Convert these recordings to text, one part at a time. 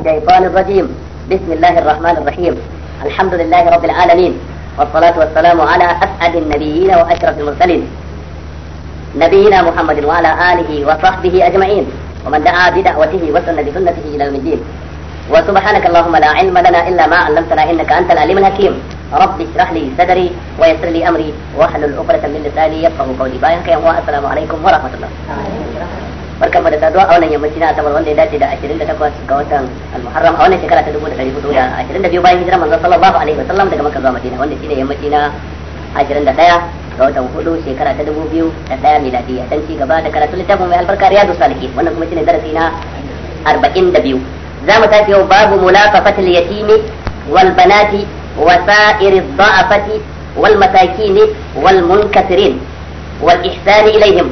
الشيطان الرجيم بسم الله الرحمن الرحيم الحمد لله رب العالمين والصلاة والسلام على أسعد النبيين وأشرف المرسلين نبينا محمد وعلى آله وصحبه أجمعين ومن دعا بدعوته وسن بسنته إلى يوم الدين وسبحانك اللهم لا علم لنا إلا ما علمتنا إنك أنت العليم الحكيم رب اشرح لي صدري ويسر لي أمري واحلل عقدة من لساني يفقه قولي بايعك يا السلام عليكم ورحمة الله barkan mu da saduwa a wannan yammaci na asabar wanda ya dace da 28 ga watan al-muharram a wannan shekara ta biyu bayan hijira manzon sallallahu alaihi sallam daga makka zuwa madina wanda shine yammaci na 21 ga watan hudu shekara ta 2001 miladiya dan ci gaba da karatu littafin mai albarka riyadu salihin wannan kuma shine darasi na 42 za mu tafi yau babu mulaqafatil yatimi wal banati wa sa'iriz da'afati wal masakin wal munkasirin wal ihsan ilaihim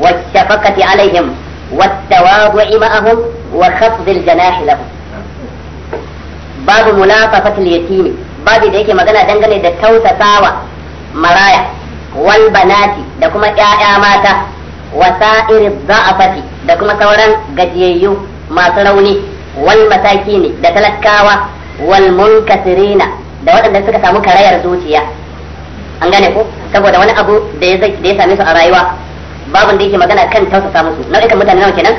والشفقة عليهم والتواضع معهم وخفض الجناح babu باب ملاطفة اليتيم babi da yake magana dangane da tausasawa maraya wal banati da kuma ƴaƴa mata wa sa'ir dha'afati da kuma sauran gajiyayyu masu rauni wal masakini da talakawa wal munkasirina da waɗanda suka samu karayar zuciya an gane ko saboda wani abu da ya same su a rayuwa babin da yake magana kan tausasa musu nau'ikan mutane nawa kenan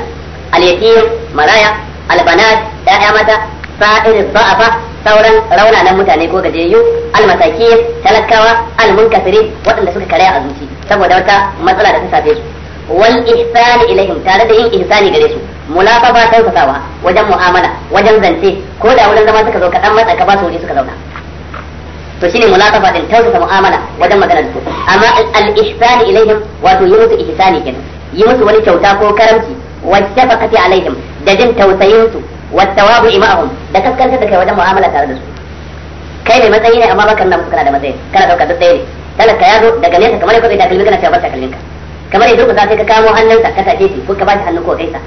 al-yatim maraya al-banat ya'ya mata sa'ir ba'afa sauran raunanan mutane ko gajiyayyu al-masakin talakawa al-munkasirin waɗanda suka karaya a zuci saboda wata matsala da ta safe su wal ihsani ilaihim tare da yin ihsani gare su mulafafa tausasawa wajen mu'amala wajen zance ko da wurin zama suka zo kaɗan matsa ka ba su wuri suka zauna to shine mulafafa din tausasa mu'amala wajen magana da su amma al-ihsan ilaihim wato yi musu ihsani kenan yi musu wani kyauta ko karamci wa shafaqati alaihim da jin tausayin su wa tawabu imahum da kaskanta da kai wajen mu'amala tare da su kai ne matsayi ne amma baka nuna musu kana da matsayi kana dauka duk ɗaya ne talaka ya zo daga nesa kamar ko bai takalmi kana cewa bar takalminka kamar yadda durkusa sai ka kamo hannunsa ka sace shi ko ka ba shi hannu ko gaisa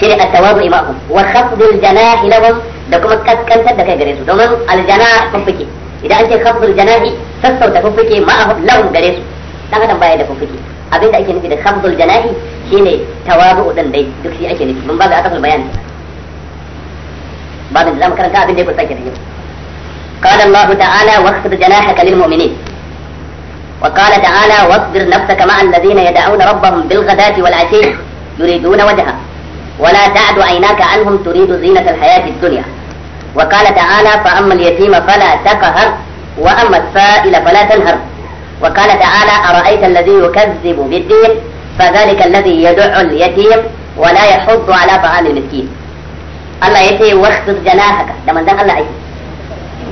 shine at-tawadu imahum wa khafdul janahi lahum da kuma kaskantar da kai gare su domin aljana sun fike idan an ce khafdul janahi sassauta fuffuke a lahum gare su dan adam baya da fuffuke abinda ake nufi da khafdul janahi shine tawazu din dai duk shi ake nufi mun ba da akal bayani ba da zamu karanta abin da ya kusa kenan قال الله تعالى واخفض جناحك للمؤمنين وقال تعالى واصبر نفسك مع الذين يدعون ربهم بالغداة والعشي يريدون وجهه ولا تعد عيناك عنهم تريد زينة الحياة الدنيا وقال تعالى فأما اليتيم فلا تقهر وأما السائل فلا تنهر وقال تعالى أرأيت الذي يكذب بالدين فذلك الذي يدع اليتيم ولا يحض على طعام المسكين Allah ya ce waksu janahaka da manzon Allah ake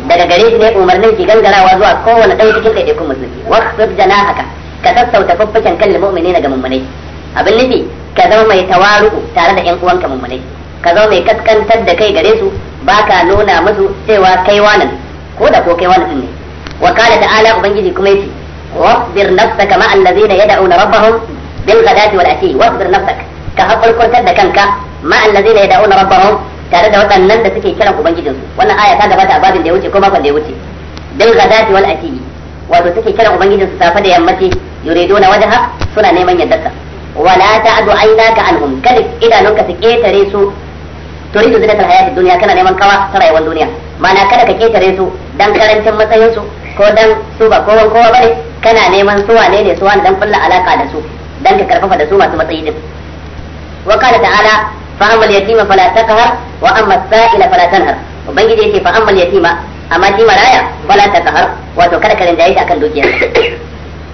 daga gare shi ne umarnin ki gangarawa zuwa kowane ɗan cikin ɗaiɗaikun musulmi waksu janahaka ka sassauta fuffuken kan mu'mini ga mummunai abin nufi ka zama mai tawaru'u tare da ƴan uwanka mummunai ka zama mai kaskantar da kai gare su ba ka nuna musu cewa kai wannan ko da ko kai wannan ne wa da ala ubangiji kuma yace wasbir nafsaka ma allazina yad'una rabbahum bil ghadati wal ashi wasbir nafsaka ka hakurkuntar da kanka ma allazina yad'una rabbahum tare da waɗannan da suke kiran ubangijinsu wannan aya ta gabata a babin da ya wuce ko makon da ya wuce bil ghadati wal ashi wato suke kiran ubangijinsu safe da yammaci yuriduna wajha suna neman yaddarsa wala ta'du aynaka anhum kada idanunka su ketare su to turidu zinata hayatid duniya kana neman kawa ta rayuwar duniya mana kada ka ketare su dan karancin matsayinsu ko dan su ba kowan kowa bane kana neman su wane ne su wani dan kulla alaka da su dan ka karfafa da su masu matsayi din wa qala ta'ala fa amal yatima fala taqhar wa amma sa'ila fala tanhar ubangiji yace fa amal yatima amma shi raya fala taqhar wato kada ka rinjaye shi akan dukiyarsa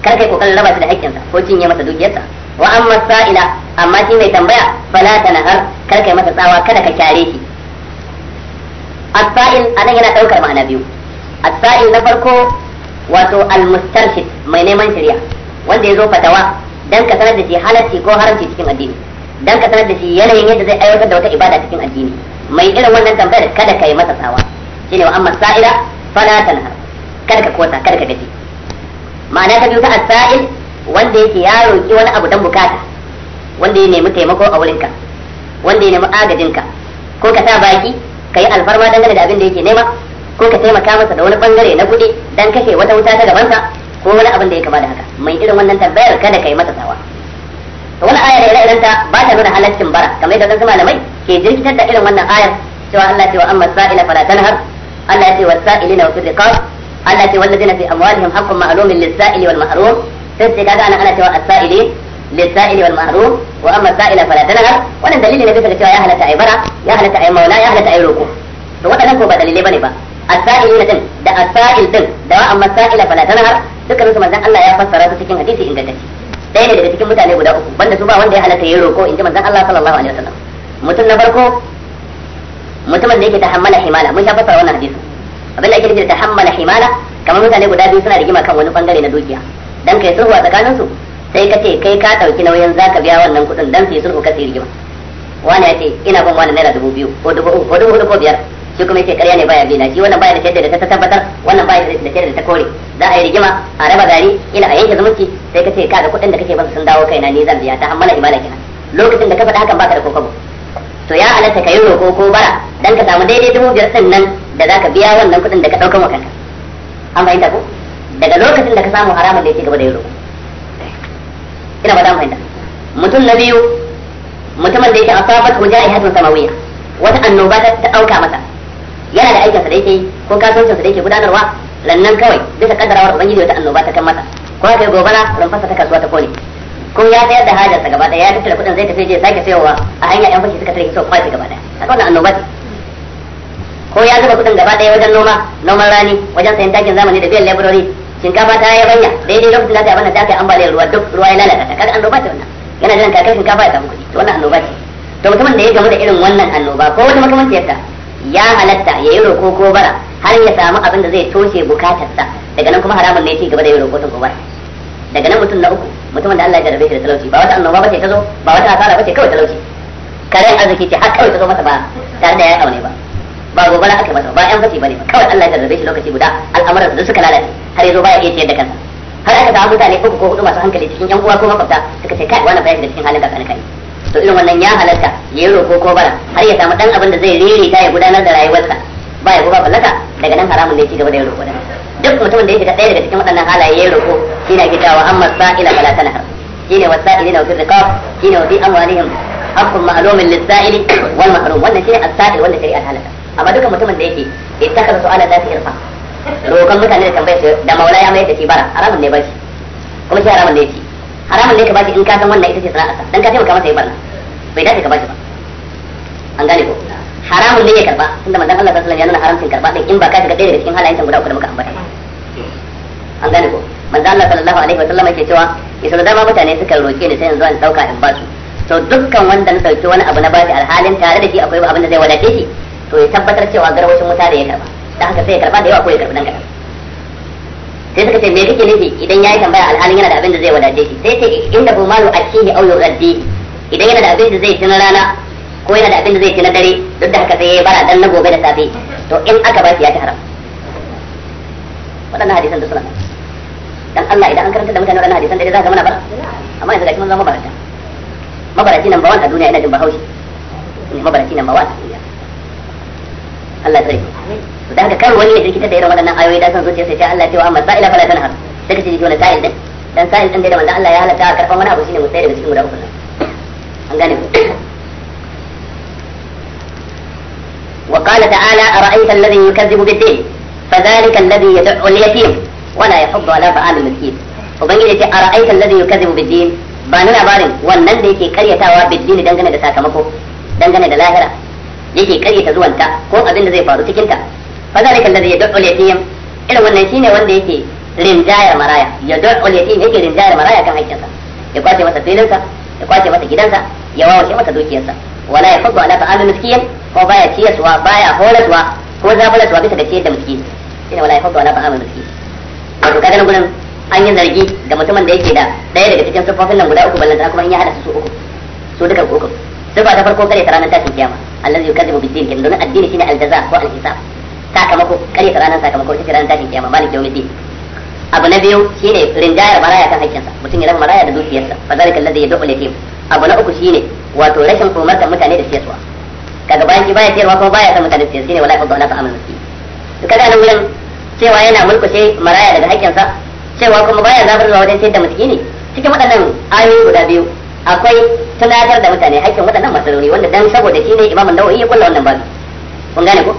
kada kai kokarin raba shi da haƙƙinsa ko cinye masa dukiyarsa wa amma sa'ila amma shi mai tambaya fala tanhar kar kai masa tsawa kada ka kyare shi as-sa'il anan yana daukar ma'ana biyu as-sa'il na farko wato al-mustarshid mai neman shari'a wanda ya zo fatawa dan ka sanar da shi halarci ko haramci cikin addini dan ka sanar da shi yanayin yadda zai aiwatar da wata ibada cikin addini mai irin wannan tambayar kada ka yi masa tsawa shine wa amma sa'ila fala tanhar kada ka kota kada ka gaji ma'ana ta biyu ta as-sa'il wanda yake ya roki wani abu dan bukata wanda ya nemi taimako a wurinka wanda ya nemi agajin ka ko ka sa baki ka yi alfarma dangane da abin da yake nema ko ka taimaka masa da wani bangare na kuɗi dan kashe wata wuta ta gabanta ko wani abin da ya kama da haka mai irin wannan tambayar kada ka yi masa sawa to wani ayar da ire ta ba ta nuna halaccin bara kamar yadda wasu malamai ke jirkitar da irin wannan ayar cewa Allah ce wa amma sa'ila fala tanhar Allah ce wa sa'ilina wa fi riqab Allah ce wallazina fi amwalihim haqqun ma'lumin lis-sa'ili wal mahrum sai kaga ana ana cewa as-sa'ili للسائل والمحروم واما السائل فلا تنهر wannan dalili ne bisa ga cewa ya halatta ai bara ya halatta ai maula ya halatta ai to waɗannan ko ba dalilai bane ba as-sa'ilina din da as-sa'il din da wa amma sa'ila fala tanhar dukkan su manzon Allah ya fassara su cikin hadisi ingantacce ɗaya ne daga cikin mutane guda uku banda su ba wanda ya halatta yayi roko inji manzon Allah sallallahu alaihi wasallam mutum na farko mutumin da yake tahammala himala mun sha fassara wannan hadisi abin da ake nufi da tahammala himala kamar mutane guda biyu suna rigima kan wani bangare na dukiya dan kai sulhu a tsakaninsu sai ka ce kai ka ɗauki nauyin za ka biya wannan kuɗin dan fi sulhu kasi rigima wani ya ce ina bin wani naira dubu biyu ko dubu uku ko dubu hudu ko biyar shi kuma yace ƙarya ne baya bina shi wannan baya da shaidar da ta tabbatar wannan baya da shaidar da ta kore za a yi rigima a raba gari ina a yanke zumunci sai ka ce ka ga kuɗin da kake masa sun dawo kaina ni zan biya ta hammala imana kina lokacin da ka faɗa hakan baka da kokobo to ya halatta ka yi roko ko bara dan ka samu daidai dubu biyar ɗin nan da za ka biya wannan kuɗin da ka ɗaukan wa kanka an fahimta ko daga lokacin da ka samu haramun da ya gaba da yin roko ina ba mu fahimta mutum na biyu mutumin da yake asabat hujaihatun samawiya wata annoba ta auka masa yana da aikinsa da yake ko kasuwancinsa da yake gudanarwa lannan kawai bisa kaddarawar ubangiji wata annoba ta kan masa ko haka gobara rumfarsa ta kasuwa ta kone ko ya sayar da hajarsa gaba daya ya tattara kudin zai tafi je sake sayowa a hanya yan fashi suka tare so kwafi gaba daya a wannan annoba ce ko ya zuba kudin gaba daya wajen noma noman rani wajen sayan takin zamani da biyan laborori shinkafa ta yabanya daidai lokacin da ta yabanya ta kai ambaliyar ruwa duk ruwa ya lalata ta kaga annoba ce wannan yana jiran kakai shinkafa ya samu kuɗi to wannan annoba ce to mutumin da ya gamu da irin wannan annoba ko wata makamanciyarta ya halatta ya yi roko ko bara har ya samu abin da zai toshe bukatarsa daga nan kuma haramun ne ya ci gaba da yin roko ko bara daga nan mutum na uku mutumin da Allah ya jarabe shi da talauci ba wata annoba ce ta zo ba wata asara ce kawai talauci karen arziki ce har kawai ta zo masa ba tare da ya yi aune ba ba gobe aka masa ba yan bace bane kawai Allah ya jarrabe shi lokaci guda al'amuran su suka lalace har ba ya iya ciyar da kansa har aka samu mutane uku ko hudu masu hankali cikin yan uwa ko makwabta suka ce kai wannan baya da cikin halin kakani kai to irin wannan ya halarta ya yi roko ko bara har ya samu dan abin da zai rere ta ya gudanar da rayuwarsa ba ya gaba ballaka daga nan haramun da ya ci gaba da yin roko da duk mutumin da ya shiga ɗaya daga cikin waɗannan halaye ya yi roko yana gidawa amma sa'ila bala tanahar shine wasa'ilina wa fi riqab shine wa fi amwalihim haqqun ma'lumin lis-sa'ili wal mahrum wannan shine as-sa'il amma duka mutumin da yake ittaka su'ala zati irfa rokon mutane da tambayar su da maula ya mayar da shi bara haramun ne bashi kuma shi haramun ne yake haramun ne ka bashi in ka san wannan ita ce sana'arsa dan ka taimaka masa yi barna bai dace ka bashi ba an gane ko haramun ne ya karba tunda manzon Allah sallallahu alaihi wasallam ya nuna haramcin karba din in ba ka shiga ɗaya daga cikin halayen guda uku da muka ambata an gane ko manzon Allah sallallahu alaihi wa yake cewa isa da dama mutane suka roke ni sai yanzu an dauka in ba su to dukkan wanda na sauki wani abu na bashi alhalin tare da shi akwai abin da zai wadace shi to ya tabbatar cewa garwashin wuta da ya karba da haka sai ya karba da yawa ko ya karba dan kadan sai suka ce me kike nufi idan yayi tambaya alhalin yana da abin da zai wadace shi sai ce inda bu malu akihi aw yuraddi idan yana da abin da zai ci rana ko yana da abin da zai ci dare duk da haka sai ya bara dan na gobe da safe to in aka ba shi ya ta haram waɗannan hadisan da sunan dan Allah idan an karanta da mutane waɗannan hadisan da za ka mana bara amma yanzu ga mun zama mabarata mabaraci nan ba wanda duniya ina jin bahaushe haushi mabaraci nan ba wanda Allah ya tsare to dan haka kar wani ya jirkita da irin waɗannan ayoyi da san zuciya sai ta Allah cewa amma sa'ila fala tanhar sai kace jiki wani sa'il din dan sa'il din da manzo Allah ya halatta karban wani abu shine mu tsaya daga cikin guda uku nan an gane ku وقال تعالى أرأيت الذي يكذب بالدين فذلك الذي يدعو اليتيم ولا يحض على طعام المسكين وبنجي لك أرأيت الذي يكذب بالدين ba nuna barin wannan da yake karyatawa biddini dangane da sakamako dangane da lahira yake kayyata zuwanta ko abin da zai faru cikin ta fa zalika alladhi yad'u al-yatim irin wannan shine wanda yake rinjayar maraya yad'u al-yatim yake rinjayar maraya kan sa ya kwace masa sa ya kwace masa gidansa ya wawashe masa dukiyarsa wala ya fadu ala ta'al miskin ko baya ciyaswa baya horaswa ko suwa bisa da ciyar da miskin shine wala ya fadu ala ta'al miskin wato kaga nan gurin an yi zargi ga mutumin da yake da daya daga cikin sufofin nan guda uku ballanta kuma in ya hada su uku su duka uku duk ta farko kare ta ranar tashin kiyama allazi yukadzibu bid-din kin don addini shine al-jaza ko al-hisab sakamako kare ta ranar sakamako ita ce ranar tashin kiyama malik yawmiddin abu na biyu shine rinjayar maraya kan hakkinsa mutum ya rama maraya da dukiyarsa fa zalika alladhi yad'u yatim abu na uku shine wato rashin da mutane da siyaswa kaga bayan shi baya siyarwa kuma baya san mutane siyasa shine wallahi fadda ta amana miski to kaga nan wurin cewa yana mulku mulkushe maraya daga hakkinsa cewa kuma baya zabar da wajen sayar da miskini cikin waɗannan ayoyi guda biyu akwai tunatar da mutane haƙƙin waɗannan matsaloli wanda dan saboda shi ne imamun nawawi ya kulla wannan babu kun gane ko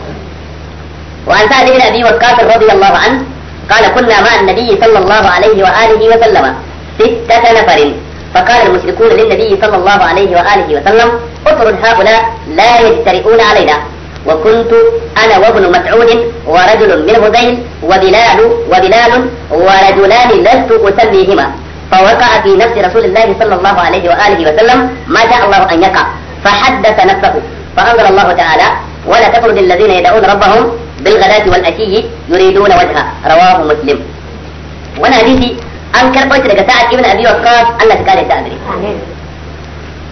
wa an sa'ad ibn abi waqqas radiyallahu an qala kunna ma'a an-nabiy sallallahu alaihi wa alihi wa sallama sittata nafarin فقال المشركون للنبي صلى الله عليه وآله وسلم اطرد هؤلاء لا يجترئون علينا وكنت أنا وابن مسعود ورجل من هذيل وبلال وبلال ورجلان لست أسميهما فوقع في نفس رسول الله صلى الله عليه وآله وسلم ما شاء الله أن يقع فحدث نفسه فأنزل الله تعالى ولا تفرد الذين يدعون ربهم بالغداة والأشي يريدون وجهه رواه مسلم وانا حديثي أن كان قلت لك سعد ابن أبي وقاص أن تكالي تأبري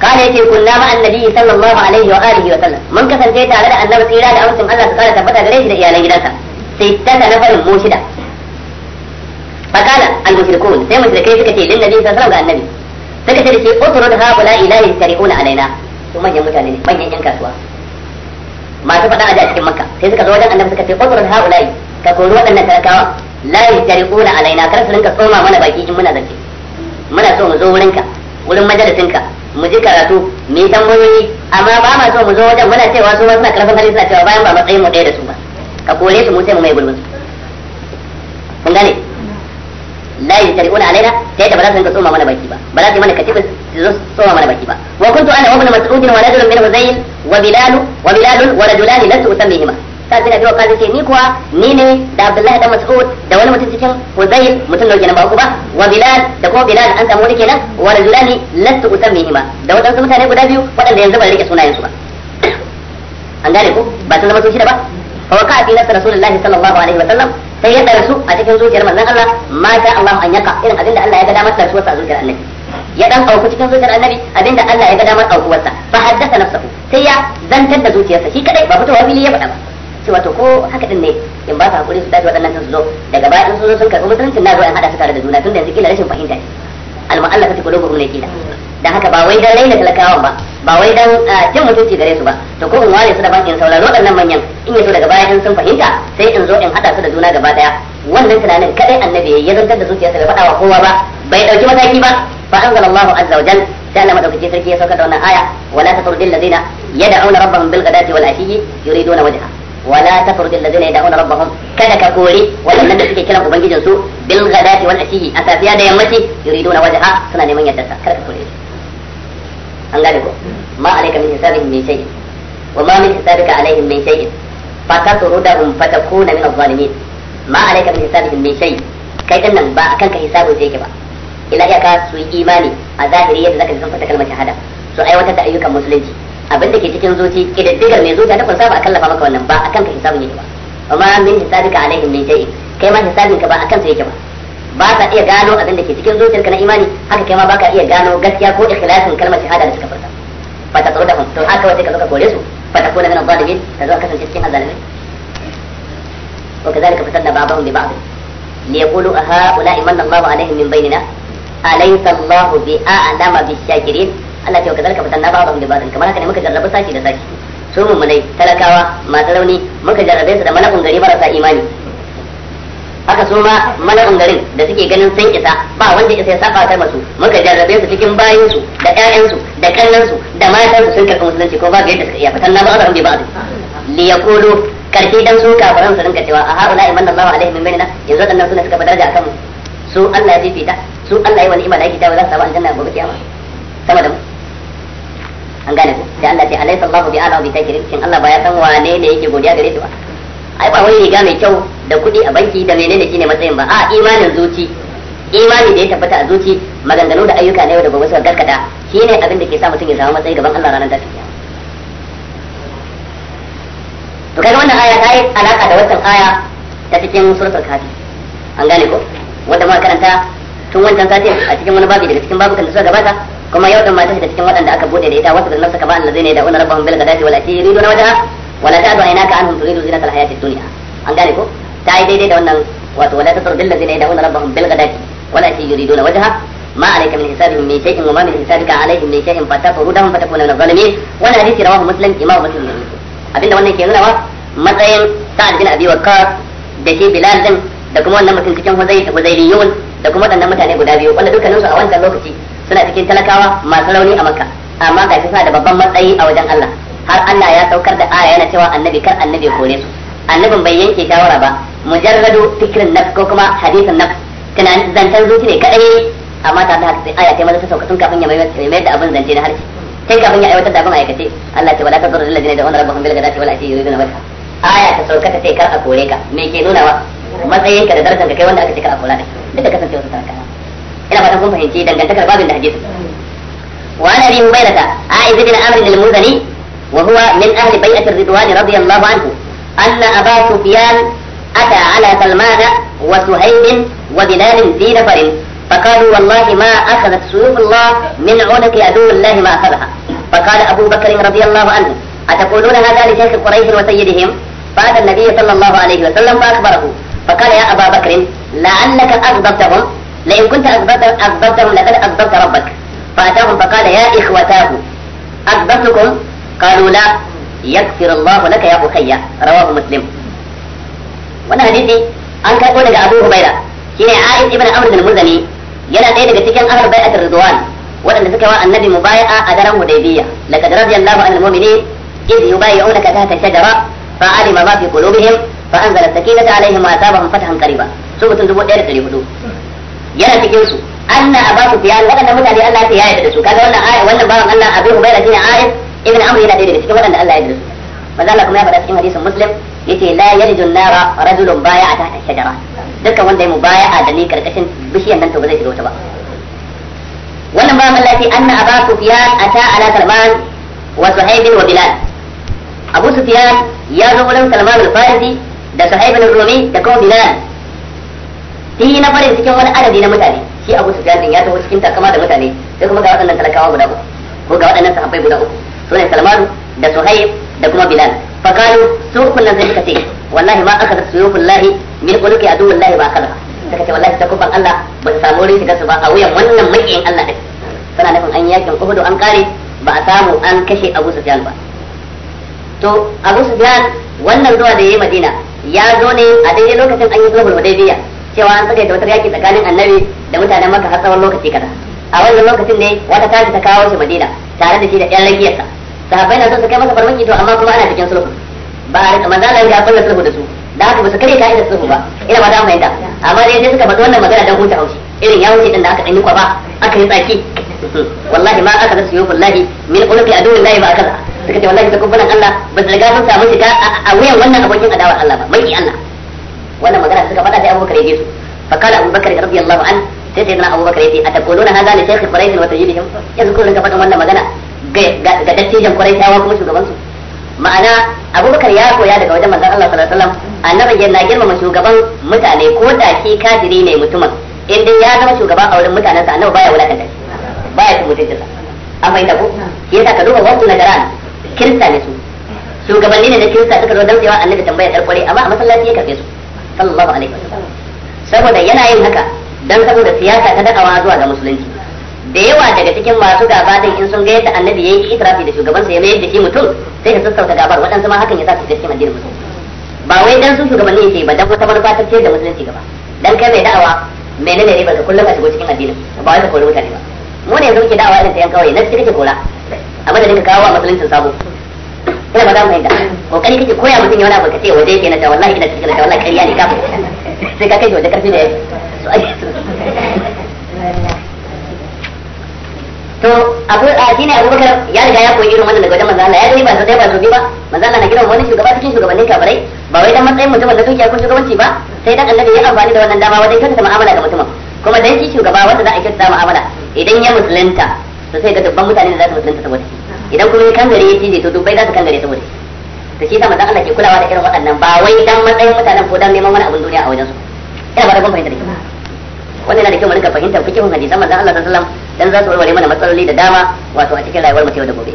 قال يتي كنا مع النبي صلى الله عليه وآله وسلم من كثن على أن نبس إلاد أمسهم الله تكالي تبتها غريش لإيالي لسا ستة نفر موشدة فقال المشركون سي مشركين suka ce للنبي صلى الله عليه وسلم النبي suka ce dace utrud haula ilahi tariquna alaina su manyan mutane ne manyan yan kasuwa masu faɗa aje a cikin makka sai suka zo wajen annabi suka ce utrud haula ka kori waɗannan talakawa la yastariquna alaina kar su rinka tsoma mana baki in muna zance muna so mu zo wurinka wurin majalisinka mu ji karatu mu yi tambayoyi amma ba ma so mu zo wajen muna cewa su ma suna karfin hali suna cewa bayan ba matsayin mu ɗaya da su ba ka kore su mu sai mu mai gurbin kun gane la yajtari'una alaina sai da ba za su rinka tsoma mana baki ba ba za su mana katibin su tsoma mana baki ba wa kuntu ana wa ibn mas'ud wa rajulun min huzayn wa bilal wa bilal wa rajulan lasu usammihima sai da biwa kaza ce ni kuwa ni ne da abdullahi da mas'ud da wani mutum cikin huzayn mutum da kenan ba ku ba wa da kuma bilal an samu wani kenan wa rajulan lasu usammihima da wadansu mutane guda biyu wadanda yanzu ba rike sunayen su ba an gane ba sun zama shida ba fa waka fi nafsi sallallahu alaihi wa sallam sai ya darsu a cikin zuciyar manzon Allah ma sha Allah an yaka irin abinda Allah ya ga damar darsuwarsa a zuciyar annabi ya dan auku cikin zuciyar annabi abinda Allah ya ga damar aukuwarsa fa haddasa nafsahu sai ya zantar da zuciyarsa shi kadai ba fitowa fili ya faɗa ba cewa to ko haka din ne in ba ka hakuri su dace waɗannan sun zo daga baya in sun zo sun karɓi musulunci na zo in haɗa su tare da juna tun da yanzu kila rashin fahimta ne Allah al-mu'allafati qulubuhum ne kila da haka ba wai dan raina talakawan ba ba wai dan ah, jin mutunci gare su ba to ko in ware su daban in saurari waɗannan manyan in yaso daga baya in sun fahimta sai in zo in hada su da juna gaba daya wannan tunanin kadai annabi ya zantar da zuciyarsa bai faɗa wa kowa ba bai dauki mataki ba fa anzalallahu azza wa jalla sai Allah madaukake sarki ya saukar da wannan aya wala tatrudil ladina yad'una rabbahum bil ghadati wal ashi yuriduna wajha wala tatrudil ladina yad'una rabbahum kada ka kore wadannan da suke kiran ubangijin su bil ghadati wal ashiyi a safiya da yammaci yuriduna wajha suna neman yaddarsa kada ka kore an gane ko ma alayka min hisabihim min shay'in wa ma min hisabika alayhim min shay'in fa takuna min adh-dhalimin ma alayka min hisabihim min shay'in kai dan nan ba akan ka hisabu sai yake ba ila ya ka su yi imani a zahiri yadda zaka san fata kalmar shahada su aiwatar da ayyukan musulunci abin da ke cikin zuci kididdigar mai zuciya ta kunsa ba akan lafa maka wannan ba akan ka hisabu yake ba wa ma min hisabika alaihim min shay'in kai ma hisabinka ba akan su yake ba ba sa iya gano abin da ke cikin zuciyarka na imani haka kai ma baka iya gano gaskiya ko ikhlasin kalmar shahada da suka furta fa ta tsoro da hum to haka wace ka zaka kore su fa ta kuna min zalimin ka zo kasance cikin azalimin wa kadhalika fatanna ba'dahum bi ba'd li yaqulu aha ula'i manna Allahu alaihim min bainina alaysa Allahu bi a'lama bi shakirin Allah ce wa kadhalika fatanna ba'dahum bi ba'd kamar haka ne muka jarraba sashi da sashi su mummunai talakawa masu rauni muka jarrabe su da malakun gari marasa imani haka su ma mala'un garin da suke ganin sun isa ba wanda isa ya saba ta masu muka jarrabe su cikin bayinsu su da ƴaƴan su da kallon su da matan su sun karɓi musulunci ko ba ga yadda suka iya fatan na ba azarun ba ba li yaqulu karfi dan su kafiran su rinka cewa a haula imanna Allahu alaihi min bainina yanzu dan suna suka fadar da akan mu su Allah ya fifita su Allah ya wani ima da yake dawo za su samu aljanna gobe kiyama sama da mu an gane ku da Allah ya alaysa Allahu bi ala bi takrim shin Allah ba ya san wane ne yake godiya gare shi ba ai ba wani riga mai kyau da kuɗi a banki da menene shine matsayin ba a imanin zuci imani da ya tabbata a zuci maganganu da ayyuka na yau da gobe suka karkata shine abin da ke sa mutum ya samu matsayi gaban Allah ranar tashin to kaga wannan aya ta yi alaka da wannan aya ta cikin suratul kafi an gane ko wanda ma karanta tun wancan sati a cikin wani babi daga cikin babukan da suka gabata kuma yau din mata da cikin waɗanda aka bude da ita wasu da nafsa kama allazina yad'una rabbahum bil ghadati wal asiri yuriduna wajha wala ta'du aynaka anhum turidu zinatal hayatid dunya an gane ko ta yi daidai da wannan wato wala tasar bil ladina yad'una rabbahum bil ghadati wala ti yuriduna wajha ma alayka min hisabihim min shay'in wa ma min hisabika alayhim min shay'in fatatawrudahum fatakuna min adh-dhalimin wannan hadisi rawahu muslim imam muslim abinda wannan ke nuna wa matsayin sa'ad bin abi waqqas da shi bilal din da kuma wannan mutum cikin huzairiyun da kuma wannan mutane guda biyu wanda dukkaninsu a wancan lokaci suna cikin talakawa masu rauni a makka amma ga shi suna da babban matsayi a wajen Allah har Allah ya saukar da aya yana cewa annabi kar annabi kore su annabin bai yanke shawara ba mujarradu fikrin nafs ko kuma hadisin nafs tunanin zancen zuci ne kadai amma ta da haka sai aya ta maza ta sauka tun kafin ya mayar da abin zance na harshe tun kafin ya aiwatar da abin aikace Allah ce wala ta zurru lillahi da wannan rabbahum bil gadati wala ashi yuriduna wajha aya ta sauka ta ce kar a kore ka me ke nuna wa matsayinka da darajar ka kai wanda aka ce kar a kora ka duk da kasance wasu sarkana ina fatan kun fahimci dangantakar babin da hadisi وعن ابي هريره عائذ بن عمرو المزني وهو من اهل بيئه الرضوان رضي الله عنه أن أبا سفيان أتى على سلمان وسهيل وبلال في نفر فقالوا والله ما أخذت سيوف الله من عنق عدو الله ما أخذها فقال أبو بكر رضي الله عنه أتقولون هذا لشيخ قريش وسيدهم فأتى النبي صلى الله عليه وسلم فأخبره فقال يا أبا بكر لعلك أغضبتهم لئن كنت أغضبتهم لقد أغضبت ربك فأتاهم فقال يا إخوتاه أغضبتكم قالوا لا yaghfir Allahu laka ya ukayya rawahu muslim wannan hadisi an karɓo daga Abu shi ne A'id ibn Amr al-Muzani yana ɗaya daga cikin ahlul bai'atir ridwan waɗanda suka wa annabi mubaya'a a daren Hudaybiyya laqad radiyallahu anil mu'minin idh yubayyi'unaka tahta shajara fa'alima ma fi qulubihim fa anzala sakinata alaihim wa asabahum fathan qariba su mutum dubu ɗaya da ɗari hudu yana cikin su anna abasu fiyan waɗannan mutane Allah ya yarda da su kaga wannan Allah Abu ibn amr yana daidai da cikin waɗanda Allah ya dirsu maza Allah kuma ya faɗa cikin hadisin muslim ya ce la yajidun nara rajulun baya a tahta shajara dukkan wanda ya mu mubaya'a da ni karkashin bishiyar nan to ba zai shiga wata ba wannan ba Allah ce anna aba sufyan ata ala salman wa suhaib wa bilal abu sufyan ya zo wurin salman al-farisi da suhaib al-rumi da kuma bilal shi na farin cikin wani adadi na mutane shi abu sufyan din ya taho cikin takama da mutane sai kuma ga waɗannan talakawa guda uku ko ga waɗannan sahabbai guda uku sune salman da suhaib da kuma bilal fakalu su uku nan zai wallahi ma aka da billahi min adu wallahi ba kala suka ce wallahi takubban Allah ba samu wurin shiga su ba a wuyan wannan makiyin Allah din suna nufin an yakin uhudu an kare ba a samu an kashe Abu Sufyan ba to Abu Sufyan wannan zuwa da yayi Madina ya zo ne a daidai lokacin an yi sulhul daidaiya cewa an saka da wata yaki tsakanin Annabi da mutanen maka har tsawon lokaci kada a wannan lokacin ne wata tashi ta kawo shi Madina tare da shi da ƴan ragiyarsa sahabbai na son su kai masa farmaki to amma kuma ana cikin sulhu ba manzo Allah ya kulla sulhu da su da haka ba su kare da sulhu ba ina ba da fahimta amma dai sai suka faɗi wannan magana dan huta haushi irin ya wuce din da aka ɗan kwa ba aka yi tsaki wallahi ma aka da suyuful wallahi min ulqi aduwwi lahi ba kaza suka ce wallahi ta kubbalan Allah ba su riga sun samu shiga a wuyan wannan abokin adawar Allah ba mai Allah wannan magana suka faɗa sai Abubakar ya je su fa kala Abubakar radiyallahu an sai sai na Abubakar ya ce atakuluna hadha li shaykh Quraish wa tajidihim yanzu kullun ka faɗin wannan magana ga dattijan Quraishawa kuma shugabansu ma'ana Abubakar ya koya daga wajen manzan Allah sallallahu alaihi wasallam annabi na girmama shugaban mutane ko da shi kafiri ne mutumin in dai ya zama shugaba a wurin mutanensa annabi baya wulakanta da baya cin mutunta sa an fahimta ko shi yasa ka duba wasu na garan kirista ne su shugabanni ne na kirista suka zo dan cewa annabi tambaya tarkware amma a masallaci ya karbe su sallallahu alaihi wasallam saboda yana yin haka dan saboda siyasa ta da'awa zuwa ga musulunci da yawa daga cikin masu gaba din in sun ga yadda annabi yayi itirafi da sa ya mayar da shi mutum sai ka sassauta gabar waɗansu ma hakan ya sa su da cikin addinin musulunci ba wai dan sun shugabanni yake ba dan wata manufa ta ce da musulunci gaba dan kai mai da'awa menene ne ba ka kullum ka shigo cikin addinin ba wai ka kori mutane ba mu ne yanzu muke da'awa irin ta yan kawai na cikin kake kora a madadin ka kawo a musuluncin sabo ina ba za mu fahimta kokari kake koya mutum ya wani abu ka ce waje yake na ta wallahi ina cikin ta wallahi kariya ne kafin sai ka kai waje karfi da ya to abu a shine abubakar ya riga ya koyi irin wannan daga wajen manzo Allah ya gani ba sai ba so ba manzo Allah na gina wani shugaba cikin shugabannin kafirai ba wai dan matsayin mutumin da tukiya ko shugabanci ba sai dan annabi ya amfani da wannan dama wajen kyautata mu'amala ga mutumin kuma dan shi shugaba wanda za a kyautata mu'amala idan ya musulunta to sai ga dubban mutane da za su musulunta saboda idan kuma ya kangare ya cije to dubbai za su kangare saboda to shi yasa manzo Allah ke kulawa da irin waɗannan ba wai dan matsayin mutanen ko dan neman wani abin duniya a wajen su ina ba da gwamnati da kyau wannan yana da kyau mu rinka fahimtar fikihun hadisan manzo Allah sallallahu alaihi wasallam dan za su warware mana matsaloli da dama wato a cikin rayuwar mu da gobe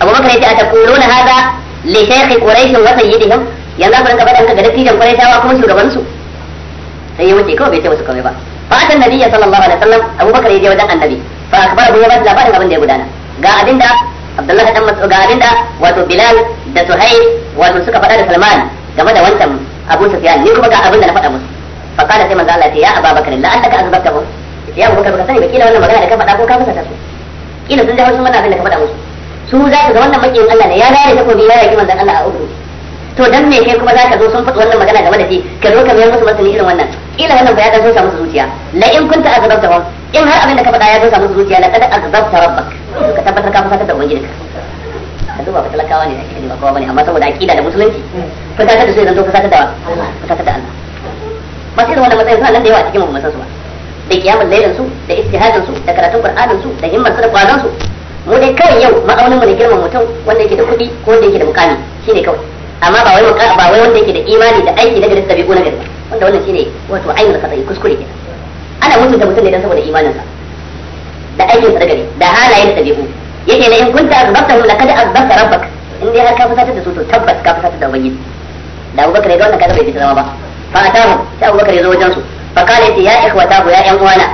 Abu Bakar yace kuluna hada li shaykh quraish wa sayyidihim yanzu ku rinka faɗa ga dattijan quraishawa kuma shugaban su sai ya wuce kawai bai ce musu kawai ba fa atan nabiyya sallallahu alaihi wasallam Abu Bakar yaje wajen annabi fa akbara bi yabad labarin abin da ya gudana ga abinda Abdullahi dan Mas'ud ga abinda wato Bilal da suhayl wato suka faɗa da Salman game da wancan Abu Sufyan ni kuma ga abinda na faɗa musu fa kana sai manzo Allah ya ce ya abubakar Bakar la annaka azbakahu ya abu baka baka sani ba kila wannan magana da ka faɗa ko ka fasa ta su kila sun jawo sun mana abin da ka faɗa musu su za su ga wannan makiyin Allah ne ya gane takobi ya yaki manzon Allah a uku to dan me kai kuma zaka zo sun faɗi wannan magana game da shi ka zo ka mayar musu martani irin wannan kila wannan ba ya dan sosa samu zuciya la in kunta azabta wa in har abin da ka faɗa ya sosa samu zuciya laqad azabta rabbak ka tabbatar ka fusata da ubangijinka ka duba ba talakawa ne da kike ba kowa bane amma saboda aqida da musulunci fusata da su yanzu fusata da fusata da Allah masu irin wannan matsayin suna nan da yawa cikin mu san su ba da kiyamun lailin su da ijtihadin su da karatun qur'anin su da himman su da kwazon su mu dai kai yau ma'aunin mu ne girman mutum wanda yake da kuɗi ko wanda yake da mukami shine kawai amma ba wai ba wai wanda yake da imani da aiki na gari da bi'u na gari wanda wannan shine wato ainul kasai kuskure kenan ana mutunta mutum ne dan saboda imaninsa da aikin sa da gari da halaye da dabi'u yake ne in kunta hum laqad azbata rabbak in dai har ka fusatar da su to tabbas ka fusatar da ubangiji da abubakar ya ga wannan kaza bai fita zama ba fa atahum sai abubakar ya zo wajen su fakala ce ya ikhwata ku ya yan uwana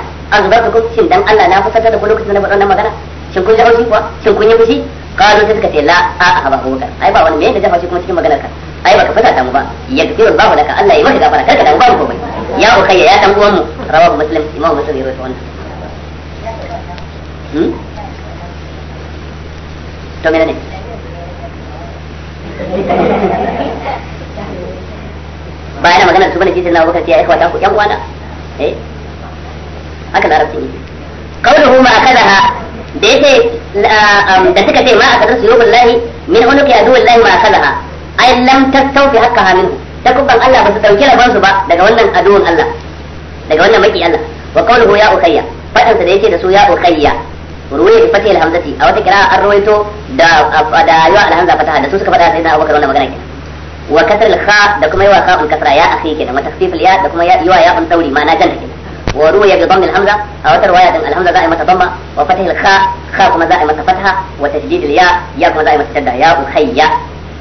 ku shin dan Allah na fusatar da lokacin da na faɗa magana shin kun ji aushi kuwa shin kun yi fushi kado ta suka ce la a a ba abubakar ai ba wani me da jafa shi kuma cikin maganar ka ai baka fasa damu ba ya gafiru babu laka Allah ya maka gafara ka dan ba komai ya kai ya dan uwan mu rawahu muslim imam muslim ya rawaito wannan hmm to menene ba yana magana da su bane shi sayyidina Abubakar ya ikhwata ku yan uwana eh haka larabcin yake qawluhu ma akadaha da ya ce da suka ce ma akadar su lahi min unuki aduwallahi ma akadaha ai lam tastawfi haqqaha ta kubban Allah ba su dauki rabon su ba daga wannan aduwan Allah daga wannan maki Allah wa qawluhu ya ukayya fadansa da ya ce da su ya ukayya ruwaye da fatih alhamzati a wata kira an ruwaito da da yawa alhamza fataha da su suka fada sai na Abubakar wannan magana kenan wa kasr al kha da kuma yawa ka'un kasra ya akhi kenan wa takhfif al ya da kuma yawa ya un dauri ma na janta kenan wa ruwa bi dhamm al hamza a wata riwaya din al hamza za a yi mata dhamma wa fatih al kha kha kuma za a yi mata fatha wa tajdid al ya ya kuma za a yi mata shadda ya ukhayya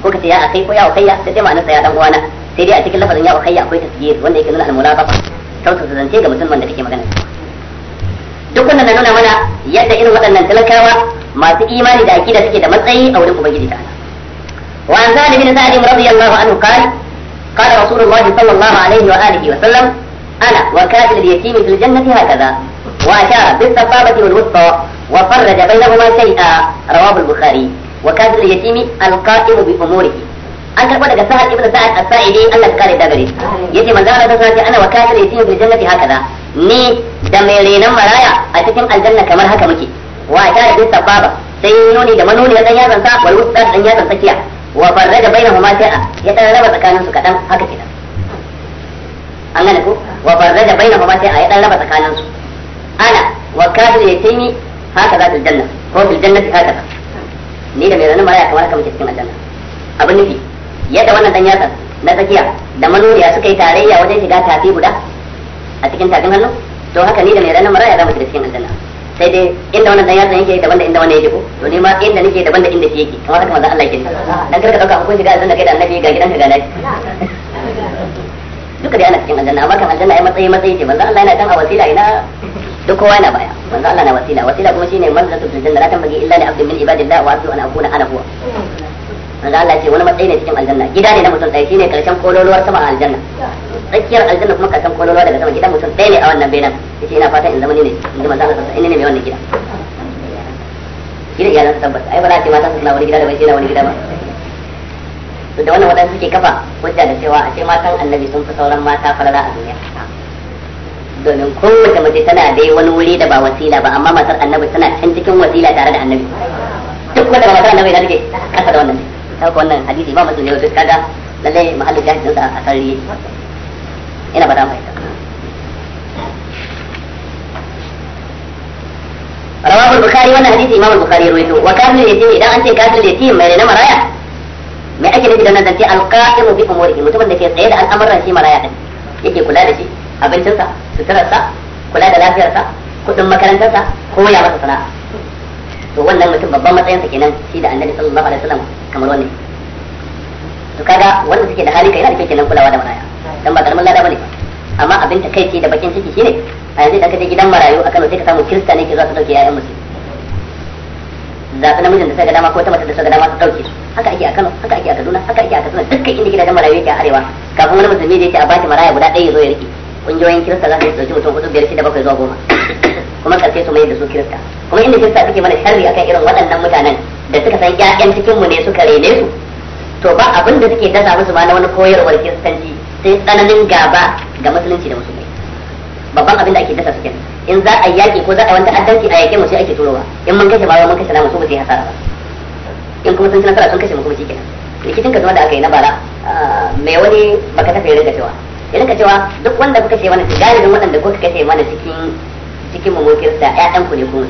ko kace ya akhi ko ya ukhayya da dai ma'anar sa ya dan uwana sai dai a cikin lafazin ya ukhayya akwai tasgir wanda yake nuna al mulabaqa kyautata zance ga mutum wanda kake magana duk wannan na nuna mana yadda irin waɗannan talakawa masu imani da akida suke da matsayi a wurin ubangiji ta'ala وعن زاد بن سالم رضي الله عنه قال قال رسول الله صلى الله عليه واله وسلم انا وكاتب اليتيم في الجنه هكذا واشار بالصفابه والوسطى وفرج بينهما شيئا رواه البخاري وكاتب اليتيم القائم باموره أنت تقول لك سعد بن سعد الساعدي أنك قال الدبري يجي من زارة أنا وكاتب اليتيم في الجنة هكذا ني دميرين مرايا أتتم الجنة كما هكا مكي وأشارك بالسقابة سينوني دمنوني أن يازن ساق والوسطى أن يازن سكيا wa farraja bainahuma shay'an ya dan raba tsakanin su kadan haka kenan an gane ko wa farraja bainahuma shay'an ya dan raba tsakanin su ana wa kafir yatimi haka za ta janna ko fil jannati haka ni da mai zanen maraya kamar haka muke cikin aljanna abin nufi yadda wannan dan yatsa na tsakiya da manuriya suka yi tarayya wajen shiga tafi guda a cikin tafin hannu to haka ni da mai ranar maraya za mu shiga cikin aljanna sai dai inda wannan dan yatsa yake daban da inda wannan yake ko to ne ma inda nake daban da inda shi yake kamar haka manzo Allah yake dan karka dauka hukunci ga da kai da annabi ga gidanka ga lafi duka dai ana cikin aljanna amma kan aljanna ai matsayi matsayi ce manzo Allah yana kan a wasila ina duk kowa yana baya manzo Allah na wasila wasila kuma shine manzatul janna la tanbaghi illa li abdin min ibadillah wa asu an akuna ana huwa manzo Allah ce wani matsayi ne cikin aljanna gida ne na mutum ɗaya shine karshen kololuwar sama a aljanna tsakiyar aljanna kuma karshen kololuwa daga sama gidan mutum ɗaya ne a wannan bayan yace ina fatan in zama ni ne in ji san ina ne mai wannan gida gida iyalan tabbata ai ba za a ce mata suna wani gida da bai wani gida ba to da wannan wadansu suke kafa hujja da cewa a ce matan annabi sun fi sauran mata farara a duniya domin kowace mace tana dai wani wuri da ba wasila ba amma matar annabi tana can cikin wasila tare da annabi duk wata ba matar annabi ta take kasa da wannan ɗauka wannan hadisi ba masu yau duk kaga lalle mahallin jahilin sa a sarri ina ba da mai rawahu bukhari wannan hadisi imam bukhari ruwaito wa kafir yatim idan an ce kafir yatim mai na maraya me ake nufi da nan zance alqa'imu bi umurihi mutumin da ke tsaye da al'amuran shi maraya din yake kula da shi abincinsa suturarsa kula da lafiyarsa kudin makarantarsa ko ya masa sana'a to wannan mutum babban matsayinsa kenan shi da annabi sallallahu alaihi wasallam kamar wannan to kaga wanda suke da hali kai da da nan kulawa da maraya dan ba karamin lada bane amma abin ta kai ce da bakin ciki shine a yanzu ka je gidan marayu a Kano sai ka samu kirista ne ke zuwa su dauke yayan musu zaɓi namijin da suka dama ko ta mata da suka dama su dauke su haka ake a Kano haka ake a Kaduna haka ake a Katsina dukkan inda gidajen marayu yake a arewa kafin wani musulmi da yake a baki maraya guda ɗaya ya zo ya rike kungiyoyin kirista za su dauki mutum hudu biyar shida bakwai zuwa goma kuma karfe su mai da su kirista kuma inda kirista suke mana sharri akan irin waɗannan mutanen da suka san ƴaƴan cikin mu ne suka rene su to ba abin da suke dasa musu ma na wani koyarwar kiristanci sai tsananin gaba ga musulunci da musulmai babban abin da ake dasa su kenan in za a yaƙi ko za a wani addanci a yaƙe mu sai ake turowa in mun kashe bawa mun kashe namu su mu sai hasara ba in kuma sun ci nasara sun kashe mu kuma shi kenan likitin ka zama da aka yi na bara ah, mai wani baka tafiye da cewa ya rinka cewa duk wanda kuka ce mana galibin waɗanda kuka kashe mana cikin cikin da mun kirista ƴaƴan ku ne kuma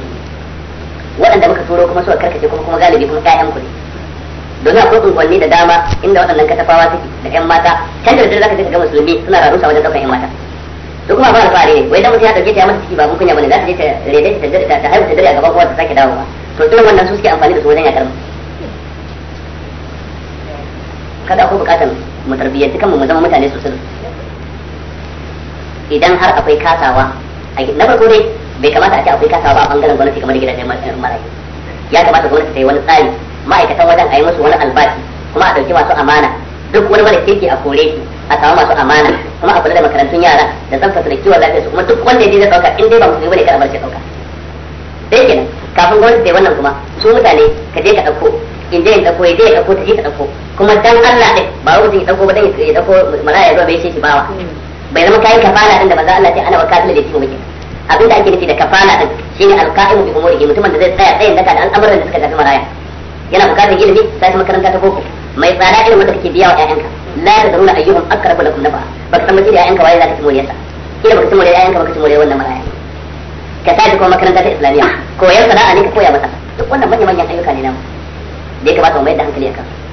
waɗanda muka turo kuma suka karkace kuma kuma galibi kuma ƴaƴan ku ne domin akwai unguwanni da dama inda waɗannan katafawa suke da ƴan mata can da zaka je ga musulmi suna rarusa wajen daukan ƴan mata duk kuma ba alfahari ne wai dan mutum ya dauke ta ya mata ciki ba mun kunya bane za ta je ta rede ta dare ta haihu ta dare a gaban kowa ta sake dawowa to irin wannan su suke amfani da su wajen yakar mu kada akwai bukatan mu tarbiyyanci kanmu mu zama mutane sosai idan har akwai kasawa na farko dai bai kamata a ce akwai kasawa ba a bangaren gwamnati kamar gidajen eh, marayu ya kamata gwamnati ta yi wani tsari ma'aikatan wajen a yi musu wani albashi kuma a ɗauki masu amana duk wani mara keke a kore shi a samu masu amana kuma a kula da makarantun yara da zan fasa da kiwon lafiya su kuma duk wanda ya zai ɗauka in dai ba musu bane kar karamar shi ɗauka sai kenan kafin gwamnati ta yi wannan kuma su mutane ka je ka ɗauko in je in ɗauko ya je ya ɗauko ta je ta ɗauko kuma dan Allah ɗin ba wani mutum ya ɗauko ba dan ya ɗauko mara ya zo bai ce shi bawa hmm. bai zama kayan kafala din da manzo Allah ya ce ana wa kafila da shi muke abin da ake nufi da kafala din shine alqa'imu bi umurihi mutumin da zai tsaya tsayin daka da al'amuran da suka shafi maraya yana bukatar ilimi sai ta makaranta ta boko mai tsada irin wanda kake biya wa ƴaƴanka la tadruna ayyuhum aqrabu lakum nafa baka san mutum da ƴaƴanka waye za ka ci moriyarsa kila baka ci moriyar ƴaƴanka baka ci moriyar wannan maraya ka tashi kuma makaranta ta islamiyya koyar sana'a ne ka koya masa duk wannan manya manyan ayyuka ne namu da ya kamata mu mayar da hankali akan su